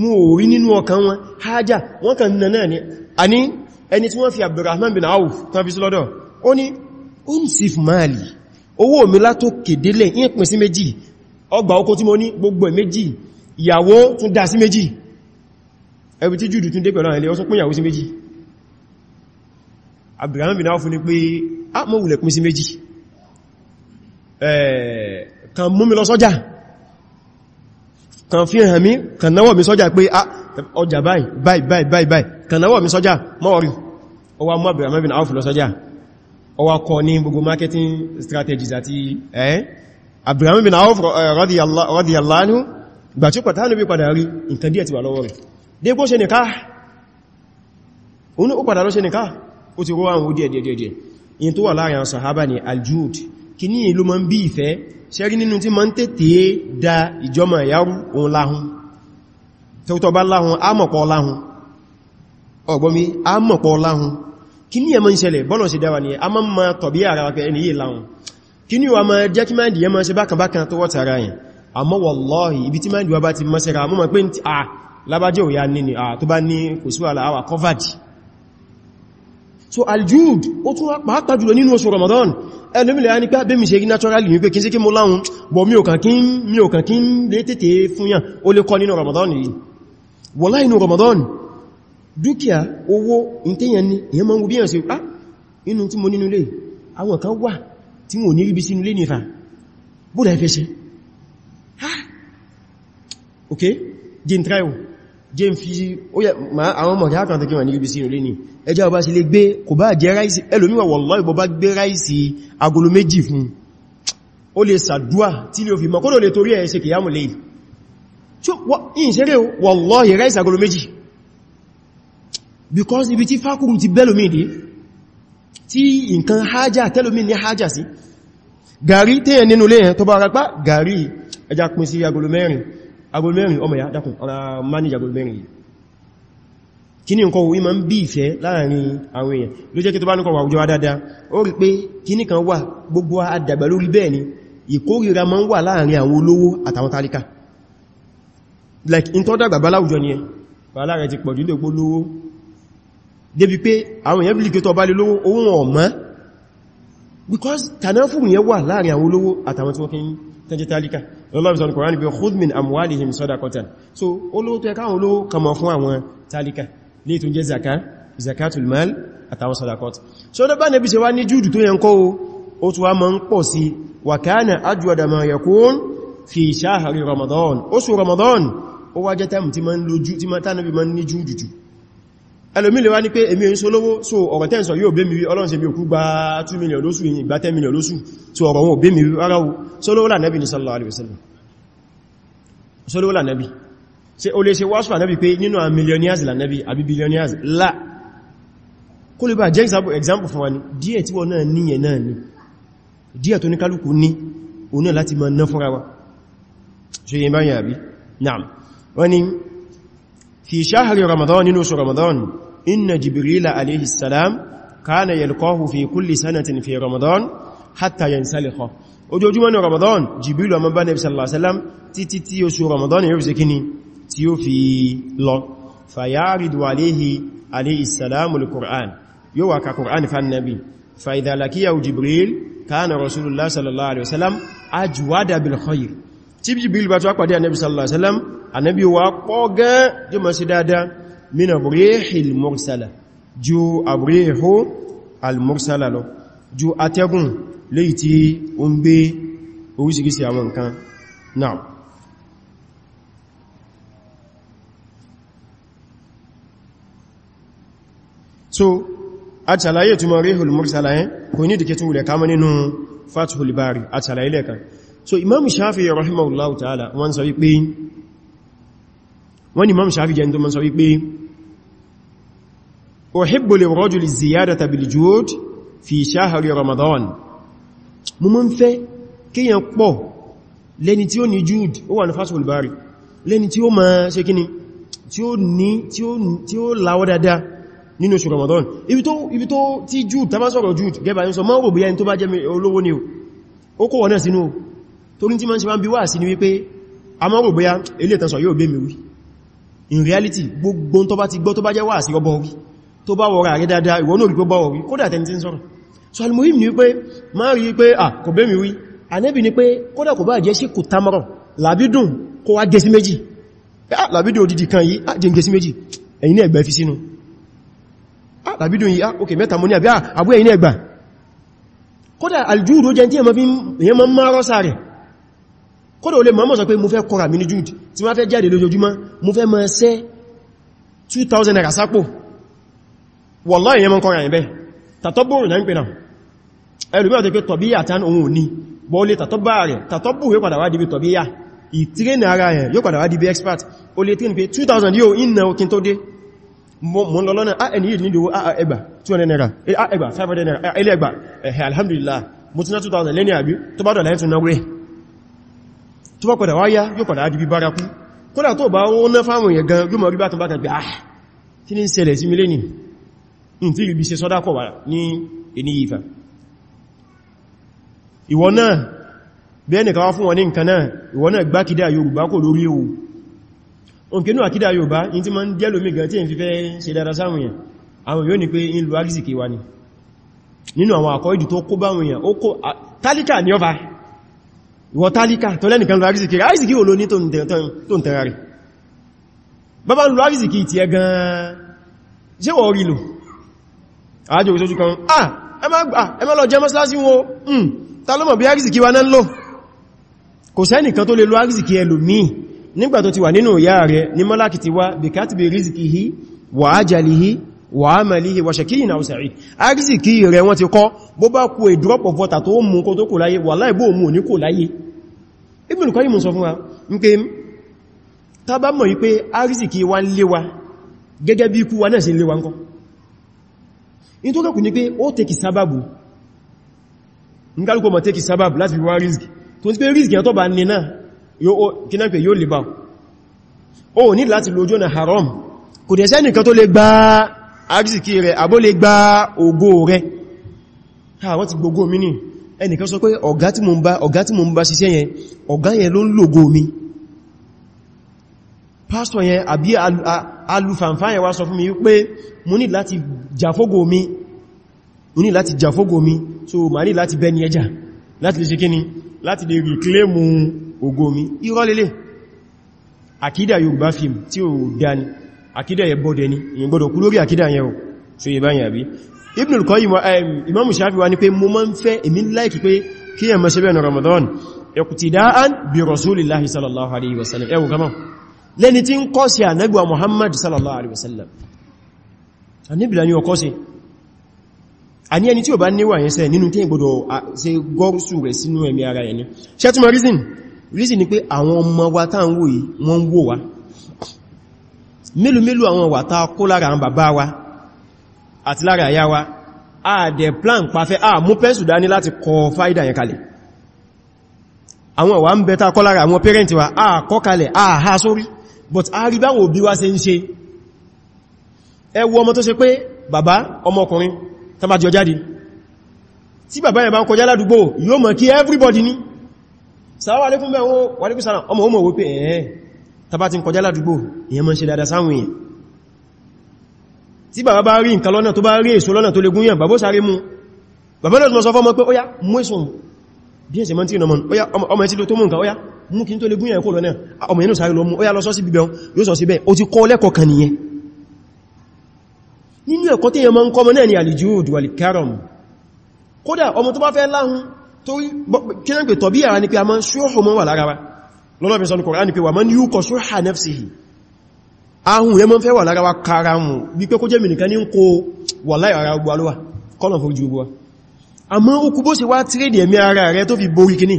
mú orí nínú ọkàn wọn hajjá wọ́n kàn nà náà ni a ní ẹni tí wọ́n fi Abdurrahman bin Auf tán fi sí lọ́dọ̀ ó ní unsif mali owó mi látó kèdélẹ̀ ìpín sí méjì ọgbà oko tí mo ní gbogbo ẹ̀ méjì ìyàwó tún dá sí méjì bin Auf ní pé a ah, mọ́ wùlẹ̀ pín kan mú lọ sọ́jà kan fi hàn mí kan náwọ̀ mi sọ́jà pé ah, ọjà báyìí báyìí báyìí báyìí kan náwọ̀ mi sọ́jà mọ́ọ̀rí ọwà mọ́ Abdurrahman bin Auf lọ sọ́jà ọwà kọ ní gbogbo marketing strategies àti ẹ́ Abdurrahman bin Auf eh, radiyallahu anhu gbà tí ó pàtàkì bí padà rí nǹkan díẹ̀ ti wà lọ́wọ́ rẹ̀ dé gbó ṣe nìká ó padà lọ ṣe nìká ó ti rọ́ àwọn díẹ̀díẹ̀díẹ̀ in tó wà láàrin àwọn sahaba ni aljud kìní ìlú ma ń bí ìfẹ́ ṣẹ́rí nínú tí ma ń tètè da ìjọmọ ìyárú òun láhun tẹ́wọ́tọ́ bá láhun ámọ̀pọ̀ láhun ọgbọ́mí ámọ̀pọ̀ láhun kìní ẹmọ ìṣẹ̀lẹ̀ bọ́lọ̀ sí dáwà ní a ma ń ma tọ̀bí ara wa ẹni yìí láhun kìní wa ma jẹ́ kí máa dìyẹ ma ṣe bákanbákan tó wọ́ta ara yẹn àmọ́ wallahi ibi tí máa dìwa bá ti so aljud ó tún wá pàápàá jùlọ Ramadan ẹlòmílẹ̀ ní pé ah, bí mi ṣe kí n sí kí mo láhun bọ̀ mi ò kàn kí n lè tètè fúnyàn ó lè kọ́ nínú Ramadan yìí wọ́lá inú Ramadan dúkìá owó ìtẹ́yàn ni èyàn ma bí yàn sí pá inú tí mo nínú lè àwọn ka ha ah, ok jẹ́ ń fi àwọn ọmọ ìyá kan tó kíwà ní ibi sí ilé ní ẹjá ọba sí lè gbé kò bá jẹ́ ráìsì ẹlòmíwà wallahi bó bá gbé ráìsì agolo méjì fún ó lè sàdúà tí lè fi mọ́ kó lè torí ẹ̀ẹ́sẹ̀ kìyàmù lè wallahi ráìsì because ibi tí fákùrù ti bẹ́lòmí dé tí nǹkan hájá tẹ́lòmí ní hájá sí gàrí tẹ́yẹ nínú léyẹn tó bá rapá gàrí ẹja pín sí agolo mẹ́rin agbó mẹ́rin ọmọ ya dákùn ọ̀rọ̀ manage agbó mẹ́rin yìí kíní nǹkan òwú ma ń bí ìfẹ́ láàrin àwọn èèyàn ló jẹ́ kí tó bá nǹkan wà òjò adáadáa ó rí pé kíní kan wà gbogbo àdàgbà lórí bẹ́ẹ̀ ni ìkórìíra ma ń wà láàrin àwọn olówó àtàwọn tálíkà like in tó dàgbà bá láwùjọ ni ẹ bàálà rẹ̀ because tànáfù yẹn wà láàrin àwọn olówó àtàwọn tí wọ́n fi ń tán jẹ́ tálíkà lọ́lọ́bí sọ́nà kòránì bí khudh min amwalihim sadaqatan so olówó tó ẹ káwọn olówó kàmọ̀ fún àwọn tálíkà lè tún jẹ́ zaka zakatul mal àtàwọn sadaqat so dọ́bá nẹ́bí ṣe wá ní jùdù tó yẹn kọ́ ó tún ẹlòmí lè wá ní pé èmi ń so lówó so ọ̀rọ̀ tẹ́ǹsọ̀ yóò bẹ́ mi wí ọlọ́run ṣe mi òkú gba 2 million lóṣù yìí gba 10 million lóṣù so ọ̀rọ̀ wọn ò bẹ́ mi wí ara o so lówó lànẹ́bì ní sallallahu alaihi wasallam so lówó lànẹ́bì ṣe o lè ṣe wáṣù lànẹ́bì pé nínú àwọn millionaires lànẹ́bì àbí billionaires la kó lè bá jẹ́ example fún wa ni díẹ̀ tó ní kálukú ní òun náà láti máa ná fúnra wa ṣe yẹn báyìí àbí naam wọ́n ni fi shahri ramadan nínú oṣù ramadan inna jibrila alayhi salam kana yalqahu fi kulli sanatin fi ramadan hatta yansalikha ojoojúmọ́ ní ramadan jibril ó máa bá nabi sallallahu alaihi wasallam títí tí oṣù ramadan yóò ṣe kíni tí ó fi lọ fayaridu alayhi alayhi salam alquran yóò wá ka quran fa nabi fa idha laqiya jibril kana rasulullah sallallahu alaihi wasallam ajwada bil khair tí jibril ànábì wa pọ̀ gan jẹ́ mọ̀ sí dáadáa min àbúréhìl mursala ju àbúréhò al-mursala lọ ju atẹ́gùn léyìí tí ó ń gbé oríṣiríṣi so àtàlàyé túnmọ̀ ríhùl mursala yẹn kò ní dìkẹ́ tún wùlẹ̀ ká mọ́ nínú fathul bari àtàlàyé so imam shafi rahimahullahu ta'ala wọ́n sọ wípé wọ́n ni Imam Shafi'i jẹ́ tó mọ́ sọ wípé uhibbu lirrajuli ziyadata biljuhud fi shahri Ramadan mo mọ́ ń fẹ́ kíyàn pọ̀ lẹ́ni tí ó ní juhud ó wà ní Fathul Bari lẹ́ni tí ó máa ṣe kíni tí ó láwọ́ dáadáa nínú oṣù Ramadan ibi tó tí jude tàbá sọ̀rọ̀ jude gẹ́bà ní sọ mọ́ rò bí ilé ìtànsọ̀ yóò gbé wí in reality gbogbo tó bá ti gbọ́ tó bá jẹ́ wà sí ọbọ̀ orí tó bá wọ́ra rẹ̀ dáadáa ìwọ̀n orí gbogbo orí kódà tẹni ń sọ́rọ̀ so almuhim ni pé ma rí pé à kò bẹ́ mi wí anẹ́bì ni pé kódà kò bá jẹ́ sí kò tamarọ̀ làbídùn kó wá gẹ̀ẹ́sí méjì làbídùn odidi kan yìí á jẹ́ gẹ̀ẹ́sí méjì ẹ̀yin ní ẹgbẹ́ fi sínú làbídùn yìí ok mẹ́ta mo ní àbí àbú ẹ̀yin ní ẹgbà kódà aljúrò jẹ́ tí èyàn kódò olè mọ́mọ́ sọ pé mo fẹ́ kọ́ra mini jude tí wọ́n fẹ́ jáde lójoojúmọ́ mo fẹ́ mọ́ ṣẹ́ 2000 naira sápò wọ́lọ́ ìyẹn mọ́ kọ́ra ìbẹ́ tàtọ́bùrù náà ń pè náà ẹlùmíọ̀ tẹ́ pé tọ̀bíyà tán ohun òní bọ́ọ̀lẹ̀ tàtọ́bà rẹ̀ tàtọ́bùrù yóò padà wá di bí tọ̀bíyà ìtírínà ara rẹ̀ yóò padà wá di bí expert o lè tírín pé 2000 yóò iná okin tó dé mọ́ lọ lọ́nà ẹni yìí nílò ẹgbà 200 naira ẹgbà 500 naira ẹlẹ́gbà ẹ̀hẹ̀ alhamdulillah mo ti ná 2000 lẹ́ni àbí tó bá dọ̀ láyé tún náwó rẹ̀ tó bá padà wáyá yóò padà adìbí bárakú kódà tó bá wọ́n ná fáwọn èèyàn gan yóò mọ̀ rí bátan bátan pé ah tí ní ṣẹlẹ̀ sí milé ní tí rí bí ṣe sọ́dá kọ̀ wà ní ẹni ìfà ìwọ náà bẹ́ẹ̀ nìkan wá fún wọn ní nǹkan náà ìwọ náà gbá kìdá Yorùbá kò lórí ewu òǹkẹ́nú àkídà Yorùbá in ti ma ń jẹ́ lómi gan yóò ni nínú ìwọ tálíkà tó lẹ́nìkan lọ àrísìkì àrísìkì ò ló ní tó ń tẹ̀ra rẹ̀ bàbá ń lọ àrísìkì ti ẹgan ṣe wọ́n rí lò àájò òṣòṣù kan ah ẹmọ́ lọ jẹ́ mọ́sílásí wọn hmm ta ló mọ̀ bí àrísìkì wa náà lọ kò sẹ́nìkan tó lè lọ àrísìkì ẹlòmíì nígbà wa amalihi wa shakiyin aw sa'id arziki rẹ̀ wọ́n ti kọ́ bó bá ku a drop of water tó mu kó tó kò láyé wallahi bó mu ní kò láyé Ibn Qayyim sọ fún wa npe tá bá mọ̀ yi pé arziki wa nle wa gẹ́gẹ́ bí ku wa náà sababu ngalu teki sababu láti bi wa rizki tó ti pé yo kina pé yo le ba o ní láti haram kò dẹ̀ sẹ́nìkan tó àrísìkí rẹ̀ àbó lè gba ògo rẹ̀ ha ah, wọ́n ti gbogbo mi ní ẹnìkan sọ pé ọ̀gá tí mo ń bá ṣiṣẹ́ yẹn ọ̀gá yẹn ló ń lògo mi pásítọ̀ yẹn àbí alùfàǹfà yẹn wá sọ fún mi wípé mo ní láti jàfógò mi mo so ma ní láti bẹ́ni ẹjà láti lè ṣe kíni láti lè rìklémù ògo mi irọ́ lélẹ̀ àkídà Yorùbá fíìmù tí ó dání àkídà yẹ gbọ́dẹ̀ ni ìyìn gbọ́dọ̀ kú lórí àkídà yẹ o so yẹ báyìí àbí Ibn al-Qayyim eh, Imam Shafi wa ni pé mo máa ń fẹ́ èmi láìkì pé kí yẹ mọ́ sẹ́bẹ̀ Ramadan iqtida'an bi Rasulillahi sallallahu alaihi wasallam ẹwù kama lẹni tí ń kọ́ sí ànẹ́gbà Muhammad sallallahu alaihi wasallam àníbìlá ni ọkọ́ sí àní ẹni tí ò bá níwà yẹn sẹ́ nínú tí ìgbọ́dọ̀ mélòó mélòó àwọn wà tá kó lára àwọn bàbá wa àti lára àyá wa a dẹ̀ plan pàfẹ́ a mú pẹ́sù dání láti kọ fáìdà yẹn kalẹ̀ àwọn wà ń bẹta kọ́ lára àwọn pẹ́rẹ́ntì wa a kọ́ kalẹ̀ a ha sórí but a rí báwọn òbí wa ṣe ń ṣe ẹ wo ọmọ tó ṣe pé bàbá ọmọkùnrin tó bá jọ jáde tí bàbá yẹn bá ń kọjá ládùúgbò yóò mọ̀ kí everybody ní sàwọ́ alẹ́kùn mẹ́wọ́ wàlékùsára ọmọ ọmọ wípé ẹ̀ẹ́ tàbá ti ń kọjá ládùúgbò èyàn mọ́ ṣe dada sáwọn èyàn tí bàbá bá rí nǹkan lọ́nà tó bá rí èso lọ́nà tó lè gúnyàn bàbá sáré mú bàbá náà mọ́ sọ fọ́mọ́ pé óyá mú èso bí ẹ̀sẹ̀ mọ́ tí ìnàmọ́ óyá ọmọ ẹ̀tí tó mú nǹkan óyá mú kí ah, ni àlìjúùdù àlìkárọ̀mù kódà ọmọ tó bá fẹ́ láhun torí kí náà pè tọ̀bí ara ni pé a lọ́lọ́bí sọ ní Kùránì pé wà mọ́ ní yúkọ̀ ṣúhà nẹ́fsìhì ahun yẹ mọ́ fẹ́ wà lára wa kára mù bí pé kó jẹ́ mìnìkan ní ń kó wà láì ara gbọ́ alówà kọ́nà fún jùgbọ́ àmọ́ okú bó sì wá tírèdì ẹ̀mí ara rẹ̀ tó fi borí kíní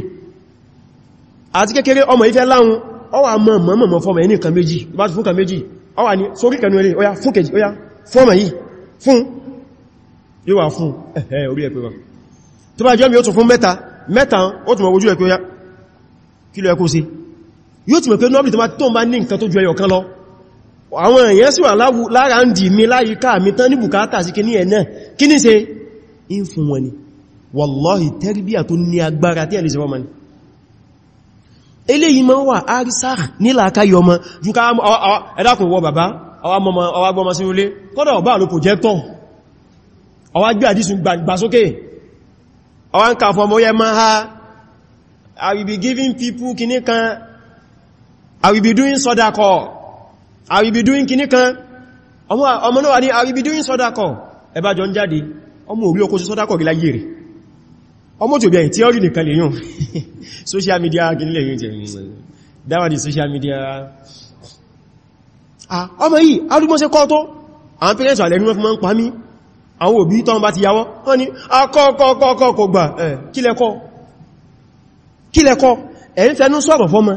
àti kékeré ọmọ ìfẹ́ láhun ọwà mọ́ mọ́ mọ́ fọ́mọ̀ ẹni kan méjì bá ti fún kan méjì ọwà kí lọ ẹkú sí yóò ti mọ̀ pé nọ́bìlì tó bá ní nǹkan tó ju ẹyọ kan lọ àwọn èèyàn sì wà lára ń dì mí láyíká mi tán ní bùkátà sí kí ní ẹ̀ náà kí ní ṣe in fún wọn ni wallahi tẹ́rìbíà tó ní agbára tí ẹ̀lẹ́sẹ̀ wọ́n mani eléyìí ma ń wà àrísà nílàákàyọ ọmọ ju ká ẹ̀dàkùn wọ bàbá ọwá gbọmọ sí ilé kọ́dọ̀ ha I will be giving people kini kìníkan I will be doing sọ́dakọ̀ I will be doing kìní kan ọmọ náà ni I be doing sọ́dakọ̀ ẹbá jọ ń jáde ọmọ orí okó sí sọ́dakọ̀ gílá yìí rẹ̀ ọmọ tó bẹ̀rẹ̀ tí ó rí nìkan lè yùn social media gínílẹ̀ yìí jẹ́ dáwàdì social media ọmọ yìí arúgbọ́n ṣe kọ́ tó àwọn parents alẹ́ ríwọ́n fi máa ń pa mí àwọn òbí tán bá ti yàwó wọ́n ni akọ́kọ́kọ́kọ́ gbà kílẹ̀kọ́ ẹ̀ fẹ́nu sọ̀rọ̀ fọ́mọ́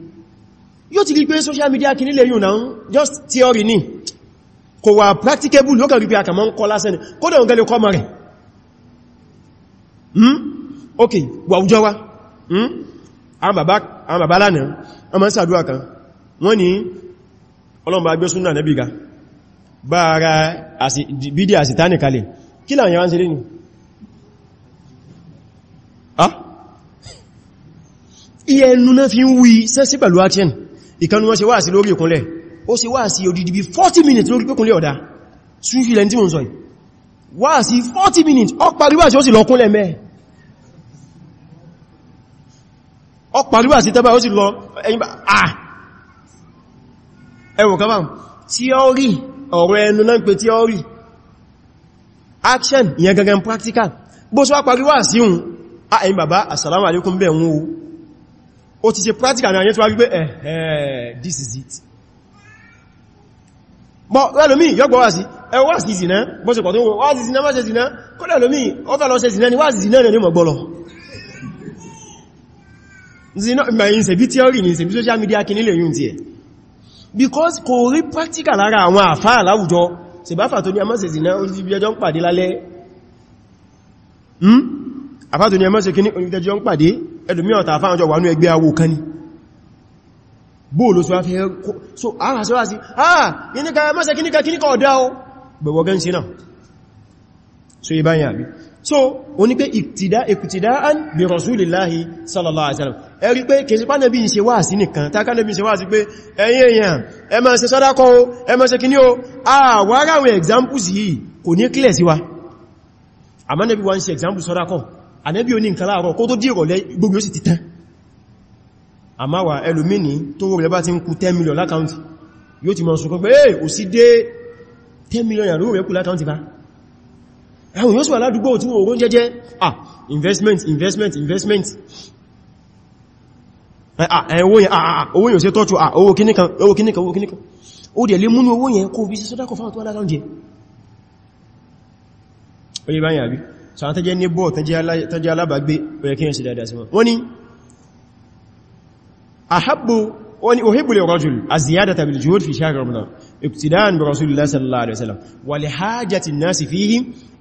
yóò ti rí pé social media kì nílẹ̀ yìí náà just theory ní kò wà practicable lókàn rí pé àkàmọ́ ń kọ́ lásẹ́ni kódà ń gẹ́lẹ̀ kọ́mọ̀ rẹ̀ hmm ok wà òjò wá hmm àwọn bàbá lánàá wọ́n ma ń sàdúwà kan wọ́n ni ọlọ́mbà gbé súnà nẹ́bí ga bá ara bídí àsìtáni kalẹ̀ kí láwọn yàrá ń ni ah iye ẹnu náà fi ń wí sẹ́sí pẹ̀lú àtíẹ̀nì ìkanu wọn ṣe wá sí lórí ìkúnlẹ̀ ó ṣe wá sí odidi bí 40 minutes lórí pẹ́kúnlẹ̀ ọ̀dá Sufi lẹ́ni tí mo ń sọ yìí wá 40 minutes ó parí wá sí ó sì lọ kúnlẹ̀ mẹ́ ó parí tẹ́bà ó sì lọ ah ẹwọ̀ kaba tíọ́rì ọ̀rọ̀ ẹnu náà pé tíọ́rì action ìyẹn practical bó ṣe wá parí ah ẹ̀yìn bàbá assalamu alaikum bẹ̀ ó ti ṣe practical náà yẹn tó wá wípé ẹ̀ẹ́ eh, eh, this is it bọ́ lẹ́lòmí yọ́gbọ́ wá sí ẹwọ́ eh, wá sí ìsìná bọ́ sí pọ̀tún wá sí ìsìná má ṣe ìsìná kó lẹ́lòmí ó fẹ́ lọ ṣe ìsìná ni wá sí ìsìná ní mọ̀ gbọ́lọ̀ ìsẹ̀bí theory ni ìsẹ̀bí social media kí nílẹ̀ yún ti ẹ̀ because kò rí practical lára àwọn àfáà láwùjọ sẹ̀báfà tó ní a má ṣe ìsìná ó ti bí ẹjọ́ ń pàdé lálẹ́ hmm? àfáà tó ní a má ṣe kí ní oníbẹ̀ẹ́jọ́ ń pàdé ẹlùmí ọ̀tà fáwọn jọ wà ní ẹgbẹ́ awó kan ní bóòlù sọ́wọ́ fi ẹ́ so ara sọ́wọ́ sí ah yíníkà mọ́sẹ̀ kíníkà kíníkà ọ̀dá o bẹ̀wọ̀ gẹ́ sí náà so yí báyìí àbí so o ní pé iktida'an bi rasulillahi sallallahu alaihi wasallam ẹ rí pé kèsì pá nẹ́bí ṣe wá sí nìkan tákà nẹ́bí ṣe wá sí pé ẹ̀yin èèyàn ẹ máa o ẹ máa ṣe kí ní o àwárá àwọn examples yìí kò ní ànẹ́bí oní nǹkan láàárọ̀ kó tó dí ìrọ̀lẹ́ gbogbo sì ti tán àmáwà ẹlòmíní tó wọ́n rẹ̀ bá ti ń kú 10 million lákàntì yóò ti mọ̀ sọ pé ẹ̀ ò sí dé 10 million yàrá rẹ̀ lákàntì bá ah investment investment investment owó yóò ṣe tọ́jú owó kíníkan owó kíníkan owó kíníkan ó dẹ̀ lé múnú owó yẹn kó bí sí sọ́dákọ̀ fáwọn tó wá so àwọn tẹ́jẹ́ níbọ̀ tẹ́jẹ́ alábàgbé ó yẹ kí yẹn sí dáadáa sí wọn wọ́n ni ahabbu wọ́n ni uhibbu lirajul az-ziyadata bil juhud fi shahr ramadan iqtida'an bi rasulillah sallallahu alaihi wasallam wa li hajati an-nasi fihi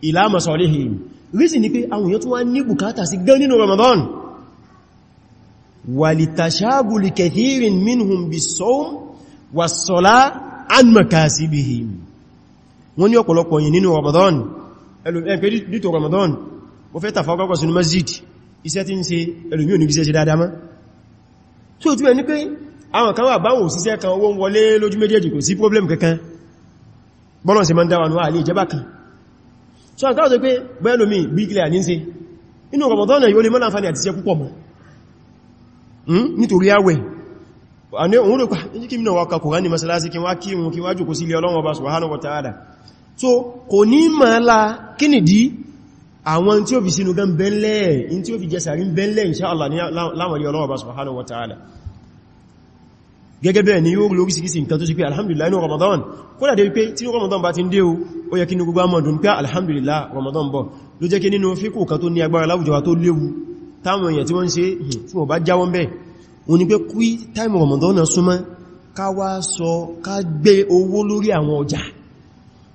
ila masalihihim rísì ni pé àwọn yẹn tó wá ní bùkátà gan nínú ramadan wa li kathirin minhum bis-sawm was-salah an makasibihim wọ́n ni yìí nínú ramadan ẹlùmí dìtò Ramadan mo fẹ́ tàfà ọgọ́gọ́ sínú masjid iṣẹ́ tí ń ṣe ẹlùmí òní iṣẹ́ ṣe dáadáa má tí ó túnmẹ̀ ní pé àwọn kan problem kankan bọ́lọ̀ sí ma ń dáwà ní àlè ìjẹba kan so àkọ́ tó Ramadan yóò lè mọ́láǹfàní àti iṣẹ́ púpọ̀ mọ́ hmm? nítorí àwẹ̀ àwọn òun rò pà ní ah, kí mínà wà kàkùrá ní masalasi kí wá kí wọn kí wá jòkó sí ilé Ọlọ́run Ọba subhanahu wa ta'ala so kò ní mọ́lá kí nìdí àwọn tí ó fi sínú gan bẹ́ńlẹ̀ in tí ó fi jẹsàrí bẹ́ńlẹ̀ inṣáàlá ní láwọn ọlọ́wọ́ bá subhanahu wa gẹ́gẹ́ bẹ́ẹ̀ ni yóò lórí síkísí nǹkan tó sì pé alhamdulillah ramadan kódà dé pé ramadan bá ti o ó yẹ kí ní gbogbo alhamdulillah ramadan bọ̀ ló jẹ́ kí nínú fíkò kan tó ní agbára láwùjọ wa tó léwu táwọn èèyàn tí ramadan náà súnmọ́ ká wá sọ ká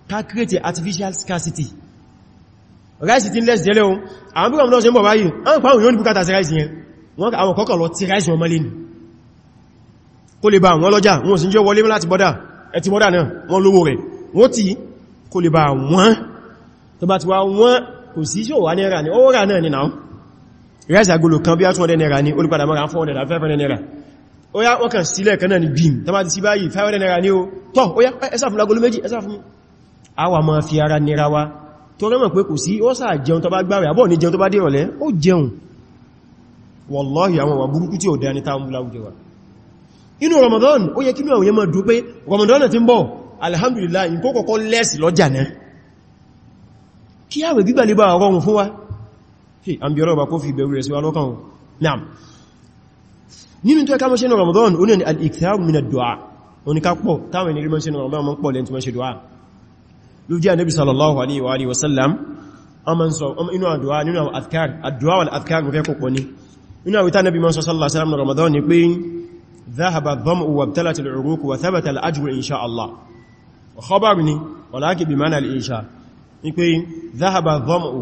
ká create artificial scarcity rice ti less jẹ́lẹ́ ohun àwọn bí wọ́n lọ́sẹ̀ ń bọ̀ báyìí àwọn pàwọn yóò ní bùkátà sí rice yẹn wọ́n àwọn kọ́kọ̀ lọ ti rice wọn mọ́lé ní kó lè bá wọn lọ́jà wọn sì jẹ́ wọlé láti bọ́dà ẹti bọ́dà náà wọ́n lówó rẹ̀ wọ́n ti kó lè bá wọn tó bá ti wá wọn kò sí ṣò wà náírà ní owó rà náà ní náà rice agolo kan bí á 200 naira ní olùpadà mọ́ra 400 500 naira ó yá wọ́n kàn sílẹ̀ kan náà ní bim tó bá ti sí báyìí 500 naira ní o tọ́ ó yá ẹsà fún lagolo méjì ẹsà fún àwa máa fi ara nira wa tó rẹ́mọ̀ pé kò sí ó sáà jẹun tó bá gbáwẹ̀ àbọ̀ ní jẹun tó bá dìrọ̀lẹ́ ó jẹun wallahi àwọn wà burúkú tí ó dá ní táàmù Ramadan ó yẹ kínú àwọn yẹn máa Ramadan ti alhamdulillah in kó kọ́kọ́ lẹ́sì lọ́jà náà kí àwẹ̀ gbígbà lè bá ọ̀rọ̀ fún wa àmì ọ̀rọ̀ bá kó fi bẹ̀rù nínú tó ẹka mọ́ṣẹ́ ní Ramadan ó ní al-iktharu min ad-du'a oníkápọ̀ táwọn ènìyàn mọ́ṣẹ́ ní Ramadan mọ́ pọ̀ lẹ́ntí mọ́ṣẹ́ du'a ló jẹ́ Ànábì sallallahu alaihi wa sallam ọmọ sọ inú àdúwà nínú àwọn adkar àdúwà wal adkar rẹ̀ kòkò ní inú àwítà Ànábì mọ́ sọ sallallahu alaihi wa sallam Ramadan ni pé ذهب الظمأ وابتلت العروق وثبت الأجر إن شاء الله وخبرني ولكن بمعنى الإنشاء ipe ذهب الظمأ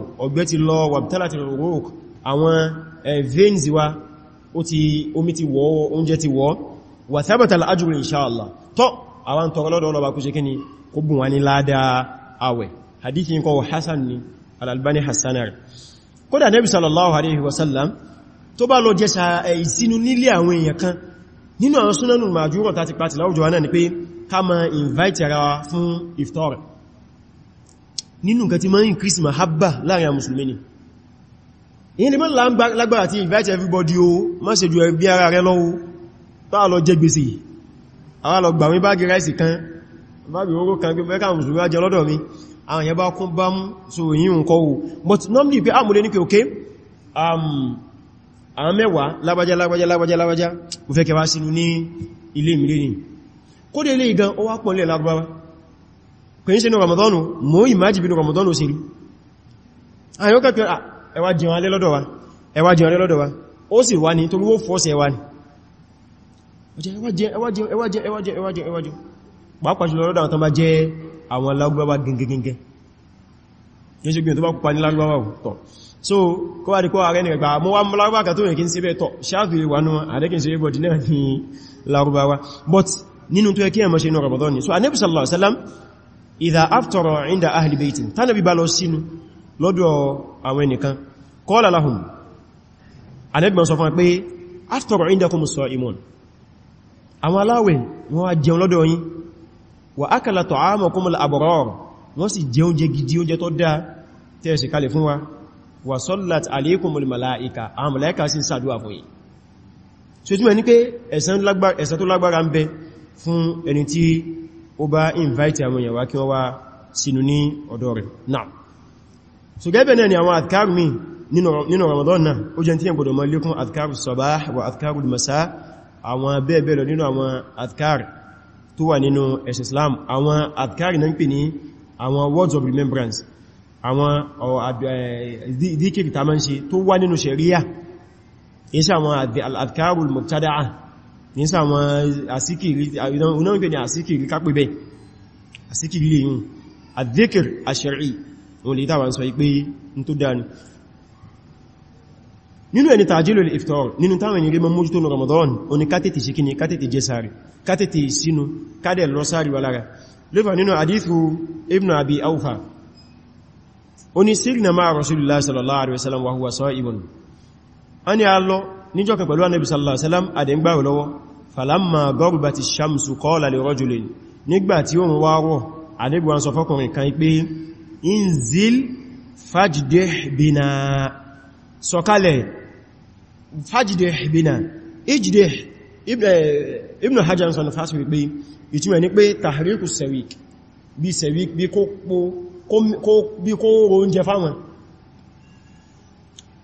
wa ó ti omi ti wọ́ oúnjẹ ti wọ́ وثبت الأجر kó bùn wá ní ládàá àwẹ̀ hadithi kọwọ hassan ni al-Albani hassanar kódà nabi sallallahu alaihi wasallam tó bá lọ jẹsà ìsinú nílé àwọn èèyàn kan nínú àwọn súnanù màjúrọ̀ tàti pàtì láwùjọ wa náà ni pé ká ma invite ara wa fún iftar nínú nǹkan tí ma ń increase mahabba láàrin àwọn musulmi ni báàgì ráìsì kan máàbí oró kan gbé mẹ́ka mùsùlùmí ajẹ́ lọ́dọ̀ mi àwọn èèyàn bá kún bá mú so yí ń kọ́ but normally pé àmúlé ah, ní pé òkè um, àwọn mẹ́wàá lágbàjá lágbàjá lágbàjá lágbàjá mo fẹ́ kẹwàá sínú ní ilé ìmìlẹ̀ ni igan ó wá mo pàápàá jùlọ lọ́dọ̀ àwọn bá jẹ́ àwọn lágbàwà gẹngẹngẹngẹ yíṣẹ́ gbìyàn tó bá kúpa ní lágbàwà tọ̀ so kọ́ wá di kọ́ ààrẹ nìgbà mọ́ wá mọ́ lágbàwà tó yẹ kí n sí bẹ́ tọ̀ ṣáàtù ìwà náà àdẹ́kìn sí ẹgbọ̀dì náà ní lárúbáwá but nínú tó yẹ kí ẹmọ́ ṣe inú rọ̀bọ̀dọ́ ni so anẹ́bù sallallahu alaihi wasallam idha aftara inda ahli baitin tánàbí bá lọ sínú lọ́dọ̀ àwọn ẹnìkan qala lahum anẹ́bù sọ fún pé aftara indakumus saimun àwọn aláwẹ̀ wọ́n á jẹun lọ́dọ̀ yín wà ákàlà ta'amakum al-abrar wọ́n sì jẹ oúnjẹ gidi oúnjẹ tó dáa tẹ́ẹ̀sì kalẹ̀ fún wa wà sallat alaykumul malaika àwọn malaika sí sàdúwà fún yìí tí ó túnmẹ̀ ní pé ẹ̀san tó lágbára invite àwọn èèyàn wá kí wọ́n wá sínú ní ọ̀dọ̀ rẹ̀ náà so ni Ramadan náà ó jẹ́ tí yẹn adkar sabah wa adkar al-masa àwọn bẹ́ẹ̀ bẹ́ẹ̀ lọ nínú adkar tó wà nínú ẹ̀sìn Islam àwọn adkari náà ń pè ní àwọn words of remembrance àwọn díkìrì ta máa ń ṣe tó wà nínú sharia ìṣẹ́ àwọn adkarul mubtada'a níṣẹ́ àwọn asíkìrí náà ń pè ní asíkìrí kápẹ́ bẹ́ asíkìrí lè yùn adhikr ash-shar'i òun lè tàbà ń sọ ipé tó dánu nínú ẹni tàjílò ìfìtọ́rùn nínú táwọn ènìyàn mọ́ mójútó ní Ramadan oní kátètì sí kíni kátètì jẹ sáré kátètì sínú kádẹ̀ lọ sáré wà lára lébà nínú àdífù ibn abi aufa oní sírìnà máa rasulullah sallallahu alaihi wasallam wa huwa sa'ibun ani allo níjọ́ sọ̀kalẹ̀ fájìdẹ̀ ìbìnà ijide Ibn Hajar sọ fásí wípé ìtumẹ̀ ní pé tàhíríkù sẹ̀wík bí sẹ̀wík bí kó ro oúnjẹ fáwọn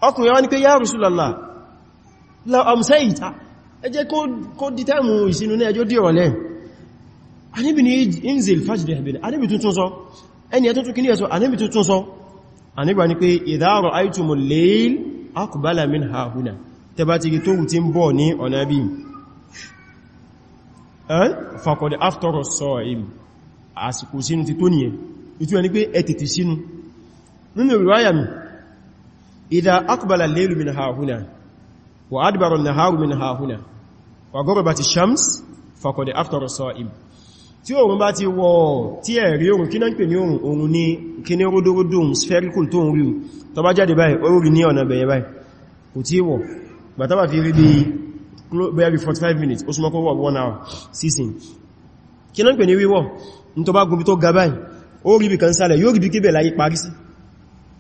ọkùnrin wá ní pé yá Rasulullah la ìta ẹjẹ́ kó dítẹ́mù ìsinú ní ẹjọ́ dìrọ̀lẹ́ aníbi ni inzil fájìdẹ̀ ìbìnà aníbi tuntun sọ ẹni tuntun kí ní tuntun sọ wá ní pé min tẹba ti rí tóhù tí ń bọ̀ ní ọ̀nà bí fàkọ̀dẹ̀ aftọ́rọ̀ sọ èmì àsìkò sínú ti tó nìyẹn ìtú ẹni pé ẹ tètè sínú nínú ìrìwáyà mi ìdá akùbàlà lèlù min wa adbara naharu shams fàkọ̀dẹ̀ aftọ́rọ̀ sọ èmì tí òun bá ti wọ̀ tí ẹ̀ rí òun kí náà ń pè ní òun òun ní kí ní ródóródó spherical tó ń rí kò tí wọ̀ gbàtàbà fi rí bí bẹ́yà bí 45 minutes ó súnmọ́kọ́ wọ́ 1 hour season kí náà pè ní wíwọ́ ní tó bá gùn bí tó ga báyìí ó rí bí kan sálẹ̀ yóò rí bí kí bẹ̀ láyé parí sí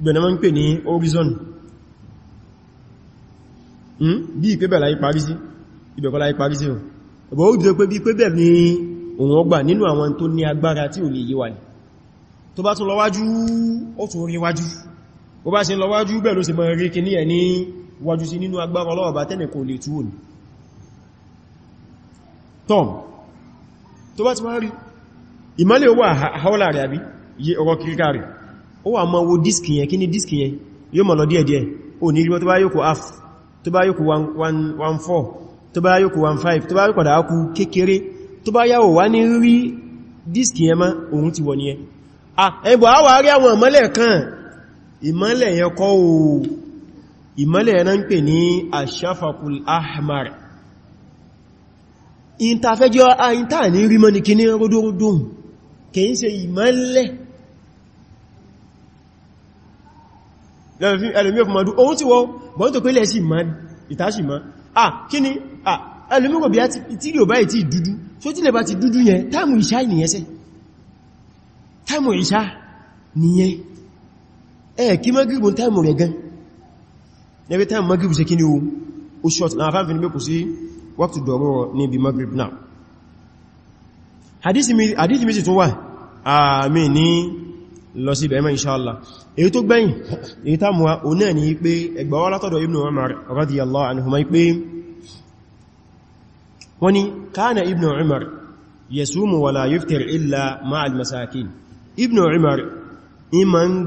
gbẹ̀nà wọ́n ń pè ní horizon hmm? bí ìpé bẹ̀ láyé parí sí ìbẹ̀kọ́ láyé parí sí ọ̀bọ̀ ó rí pé bí pé bẹ̀ ní òun ọgbà nínú àwọn tó ní agbára tí ò lè yíwa ní tó bá tún lọ wájú ó tún rí wájú bó bá ṣe lọ wájú bẹ́ẹ̀ ló ṣe mọ̀ rí kì ní ẹ̀ ní wájú sí nínú agbára ọlọ́wọ̀ bá kò lè túwò ní tom tó bá ti wá rí ìmọ́lẹ̀ owó àhọ́lá rẹ̀ àbí yí ọ̀rọ̀ kíríkà rẹ̀ ó wà mọ́ wo dískì yẹn kí ní dískì yẹn yóò mọ̀ lọ díẹ̀díẹ̀ ó ní rí tó bá yóò kó half tó bá yóò kó 1.4 tó bá yóò kó 1.5 tó bá yóò kọ̀dá kú kékeré yẹn mọ́ òun ìmọ́lẹ̀ ẹ̀nà ń pè ní ashafakul ahmar ìntàfẹ́jọ́ àyíntà ní rímọ́ ní kíní rúdúrúdún kìí ṣe ìmọ́lẹ̀ ẹlùmí ọkùnmọ̀ ọdún ohun tí wọ́n bọ́n tó pẹ́lẹ̀ sí ìtàṣì ah kíní ah ẹlùmí kò bí i tí yóò báyìí tí dúdú tó tí lè bá ti dúdú yẹn táàmù ìṣá ìnìyẹn sẹ́ táàmù ìṣá nìyẹn ẹ̀ kí mọ́ gígbùn táàmù rẹ̀ gan-an níbi time magrib ṣe kí ni ó short na afẹ́fẹ́ ní pé kò sí wọ́pù dọ̀rọ̀ níbi magrib náà hadith méjì tó wà àmì ní lọ sí bẹ̀rẹ̀ inṣáàlá èyí tó gbẹ̀yìn èyí tàmùwa o náà ni pé ẹgbàwà látọ̀dọ̀ ibn umar radiyallahu anhuma pé wọ́n ni kana ibn umar yasumu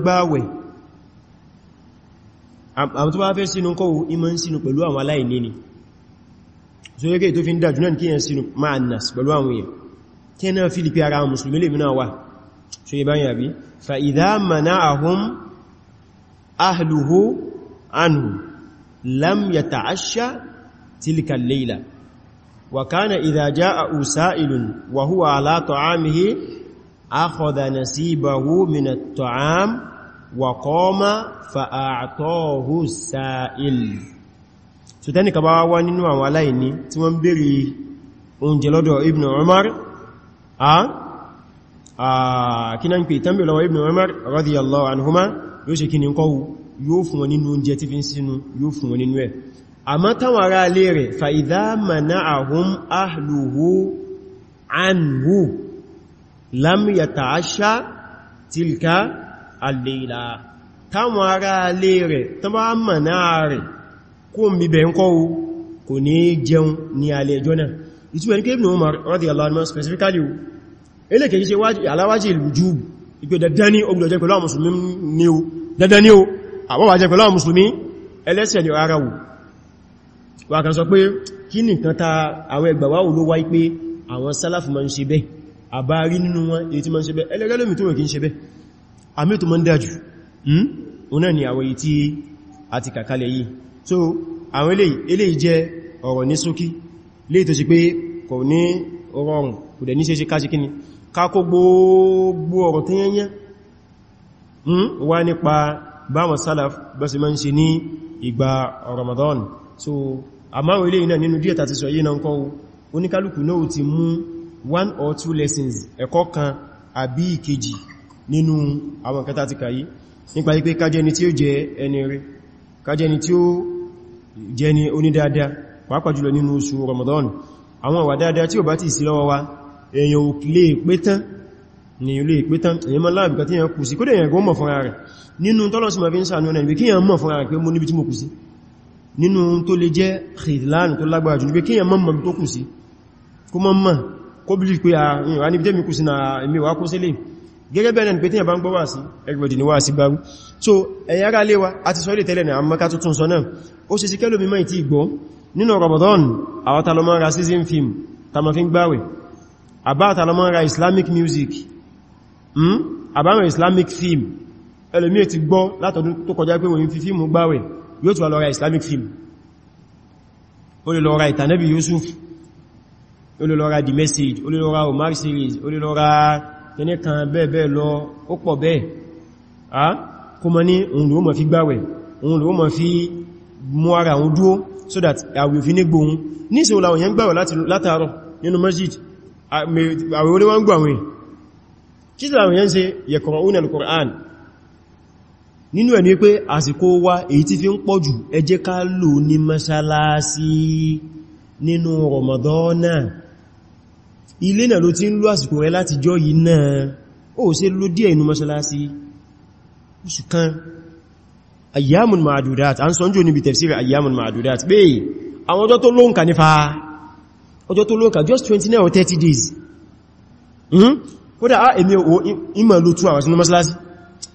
gbáwẹ̀ àwọn tó bá fẹ́ sínú kọ́ ìmọ̀ sínú pẹ̀lú àwọn aláìní ni so yẹ́ yẹ́gẹ́ tó fi ń dájú náà kí yẹn sínú máa nas pẹ̀lú àwọn èèyàn kí náà fílìpì ara àwọn musulmi lè mìíràn wà so yẹ báyìí àbí fa ìdá mana'ahum ahluhu ahùn lam wàkọ́ọ́má fa'àtọ́ọ̀hù sa'il so tẹ́ni ka bá wá nínú àwọn aláìní tí wọ́n bèèrè oúnjẹ lọ́dọ̀ ibn umar a kí na ń pè tẹ́m̀bẹ̀ lọ́wọ́ ibn umar radiyallahu anhuma yóò ṣe kí ni kọ́wù yóò fún wọn nínú oúnjẹ tí fi ń tilka àlèlà táwọn ará alé rẹ̀ tó bá mọ̀ náà rẹ̀ kó mi bẹ̀ ń kọ́ o kò ní jẹun ní alẹ́ ẹjọ́ náà ìtúwẹ̀ ní Ibn Umar radiyallahu anhu specifically o elékèjì ṣe aláwájì ìlújú ìgbé dandan ní ogun ọjọ́ pẹ̀lú àwọn mùsùlùmí ní o dandan ní o àwọn ni ara wù wà kan sọ pé kí nìkan ta àwọn ẹgbàwà oló wáyé pé àwọn sálàfù ma ń ṣe bẹ́ àbárí àmì tó mọ́ ń dájú ọ̀nà hmm? ni àwọn èyí tí a ti kàkalẹ̀ yìí so àwọn eléyìí eléyìí jẹ́ ọ̀rọ̀ ní ṣókí léè tó sì pé kò ní rọrùn kò dẹ̀ ní ṣe ṣe káṣe kíni kákó gbogbo ọ̀rọ̀ tó yẹnyẹ hmm, wá nípa báwọn salaf bá sì máa ń ṣe ní ìgbà Ramadan so àmáwọn eléyìí náà nínú díẹ̀ tàti sọ yìí náà one or two lessons ẹ̀kọ́ kan àbí ìkejì nínú àwọn kẹta ti kàyí nípa ipé kájẹni tí ó jẹ ẹni rí kájẹni tí ó jẹ ni onídáadáa pàápàá jùlọ nínú oṣù Ramadan àwọn ìwà dáadáa tí ó bá ti sí lọ́wọ́ wa èèyàn ò lè pé tán ni ilé ìpé tán èyàn máa láàbìkà tí èyàn kù sí kó dẹ̀ èyàn gọ́ mọ̀ fúnra rẹ̀ nínú tọ́lọ́sí ma fi ń sàánú ẹ̀nà ìgbé kí èyàn mọ̀ fúnra rẹ̀ pé na èmi wà gẹ́gẹ́ bẹ́ẹ̀ pé ẹ̀bá ń gbọ́ wá sí everybody ni wá sí bá so ẹ̀yà ara léwa àti sọ ilé tẹ́lẹ̀ ní àmọ́ká tuntun sọ náà ó sì sí kẹ́lò mímọ̀ ìtì ìgbọ́ nínú Ramadan àwọn season film tamafin gbáwẹ̀ àbá Islamic music hmm? àbáwọn Islamic film ẹlòmí ti gbọ́ látọdún tó kọjá pé wọ́n fi fíìmù Islamic film ó lè lọ Yusuf ó lè lọ The Message ó lè Omar series ó lè kìní kan bẹ́ẹ̀bẹ́ẹ̀ lọ ó pọ̀ bẹ́ẹ̀ a kó mọ́ ní òun ló mọ̀ fi gbáwẹ̀ òun ló mọ̀ fi mú ara òun dúó so that àwẹ̀ fi ní gbóhun níṣẹ́ òun àwọn gbáwẹ̀ látàárọ̀ nínú masjid àwẹ̀ olé wọ́n gbàwẹ̀ kí sí àwọn yẹn ṣe yẹ̀kọ̀rọ̀ òun al-Qur'an nínú ẹ̀ ní pé àsìkò wa èyí ilé náà ló ti ń lú àsìkò rẹ láti jọ yìí náà ó ṣe ló díẹ̀ inú mọ́ṣálásí oṣù kan ayyamun ma'adudat an sọ́njò níbi tafsiri ayyamun ma'adudat pé àwọn ọjọ́ tó lóǹkà nífà ọjọ́ tó lóǹkà just 29 or 30 days hmm? kódà ah, èmi ò ìmọ̀ ló 2 hours inú mọ́ṣálásí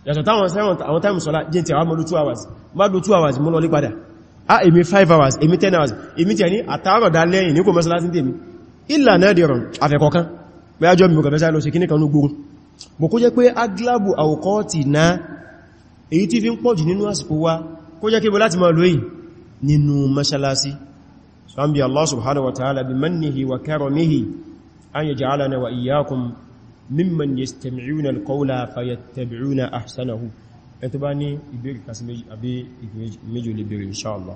yàtọ̀ táwọn táìmù sọ́lá jẹ́ tí àwọn mọ́ ló 2 hours má hours mọ́ lọ ah, hours èmi 10 hours èmi tẹ́ ní àtàrọ̀dá ìlà nẹ́dìrùn àfẹ́kọ̀ọ́kán mẹ́jọ́ mìí kọ̀mẹ́sá lọ sí kí ní kanú gbogbo bò kó jẹ́ pé aglabu àwòkọ́ọ̀tì na èyí tí fi ń pọ̀jù nínú àsìkò wa kó jẹ́ kébò láti máa lóyìn ní ìbéèrè kásí méjì àbí ìgbèméjì olè bèèrè inṣáàlá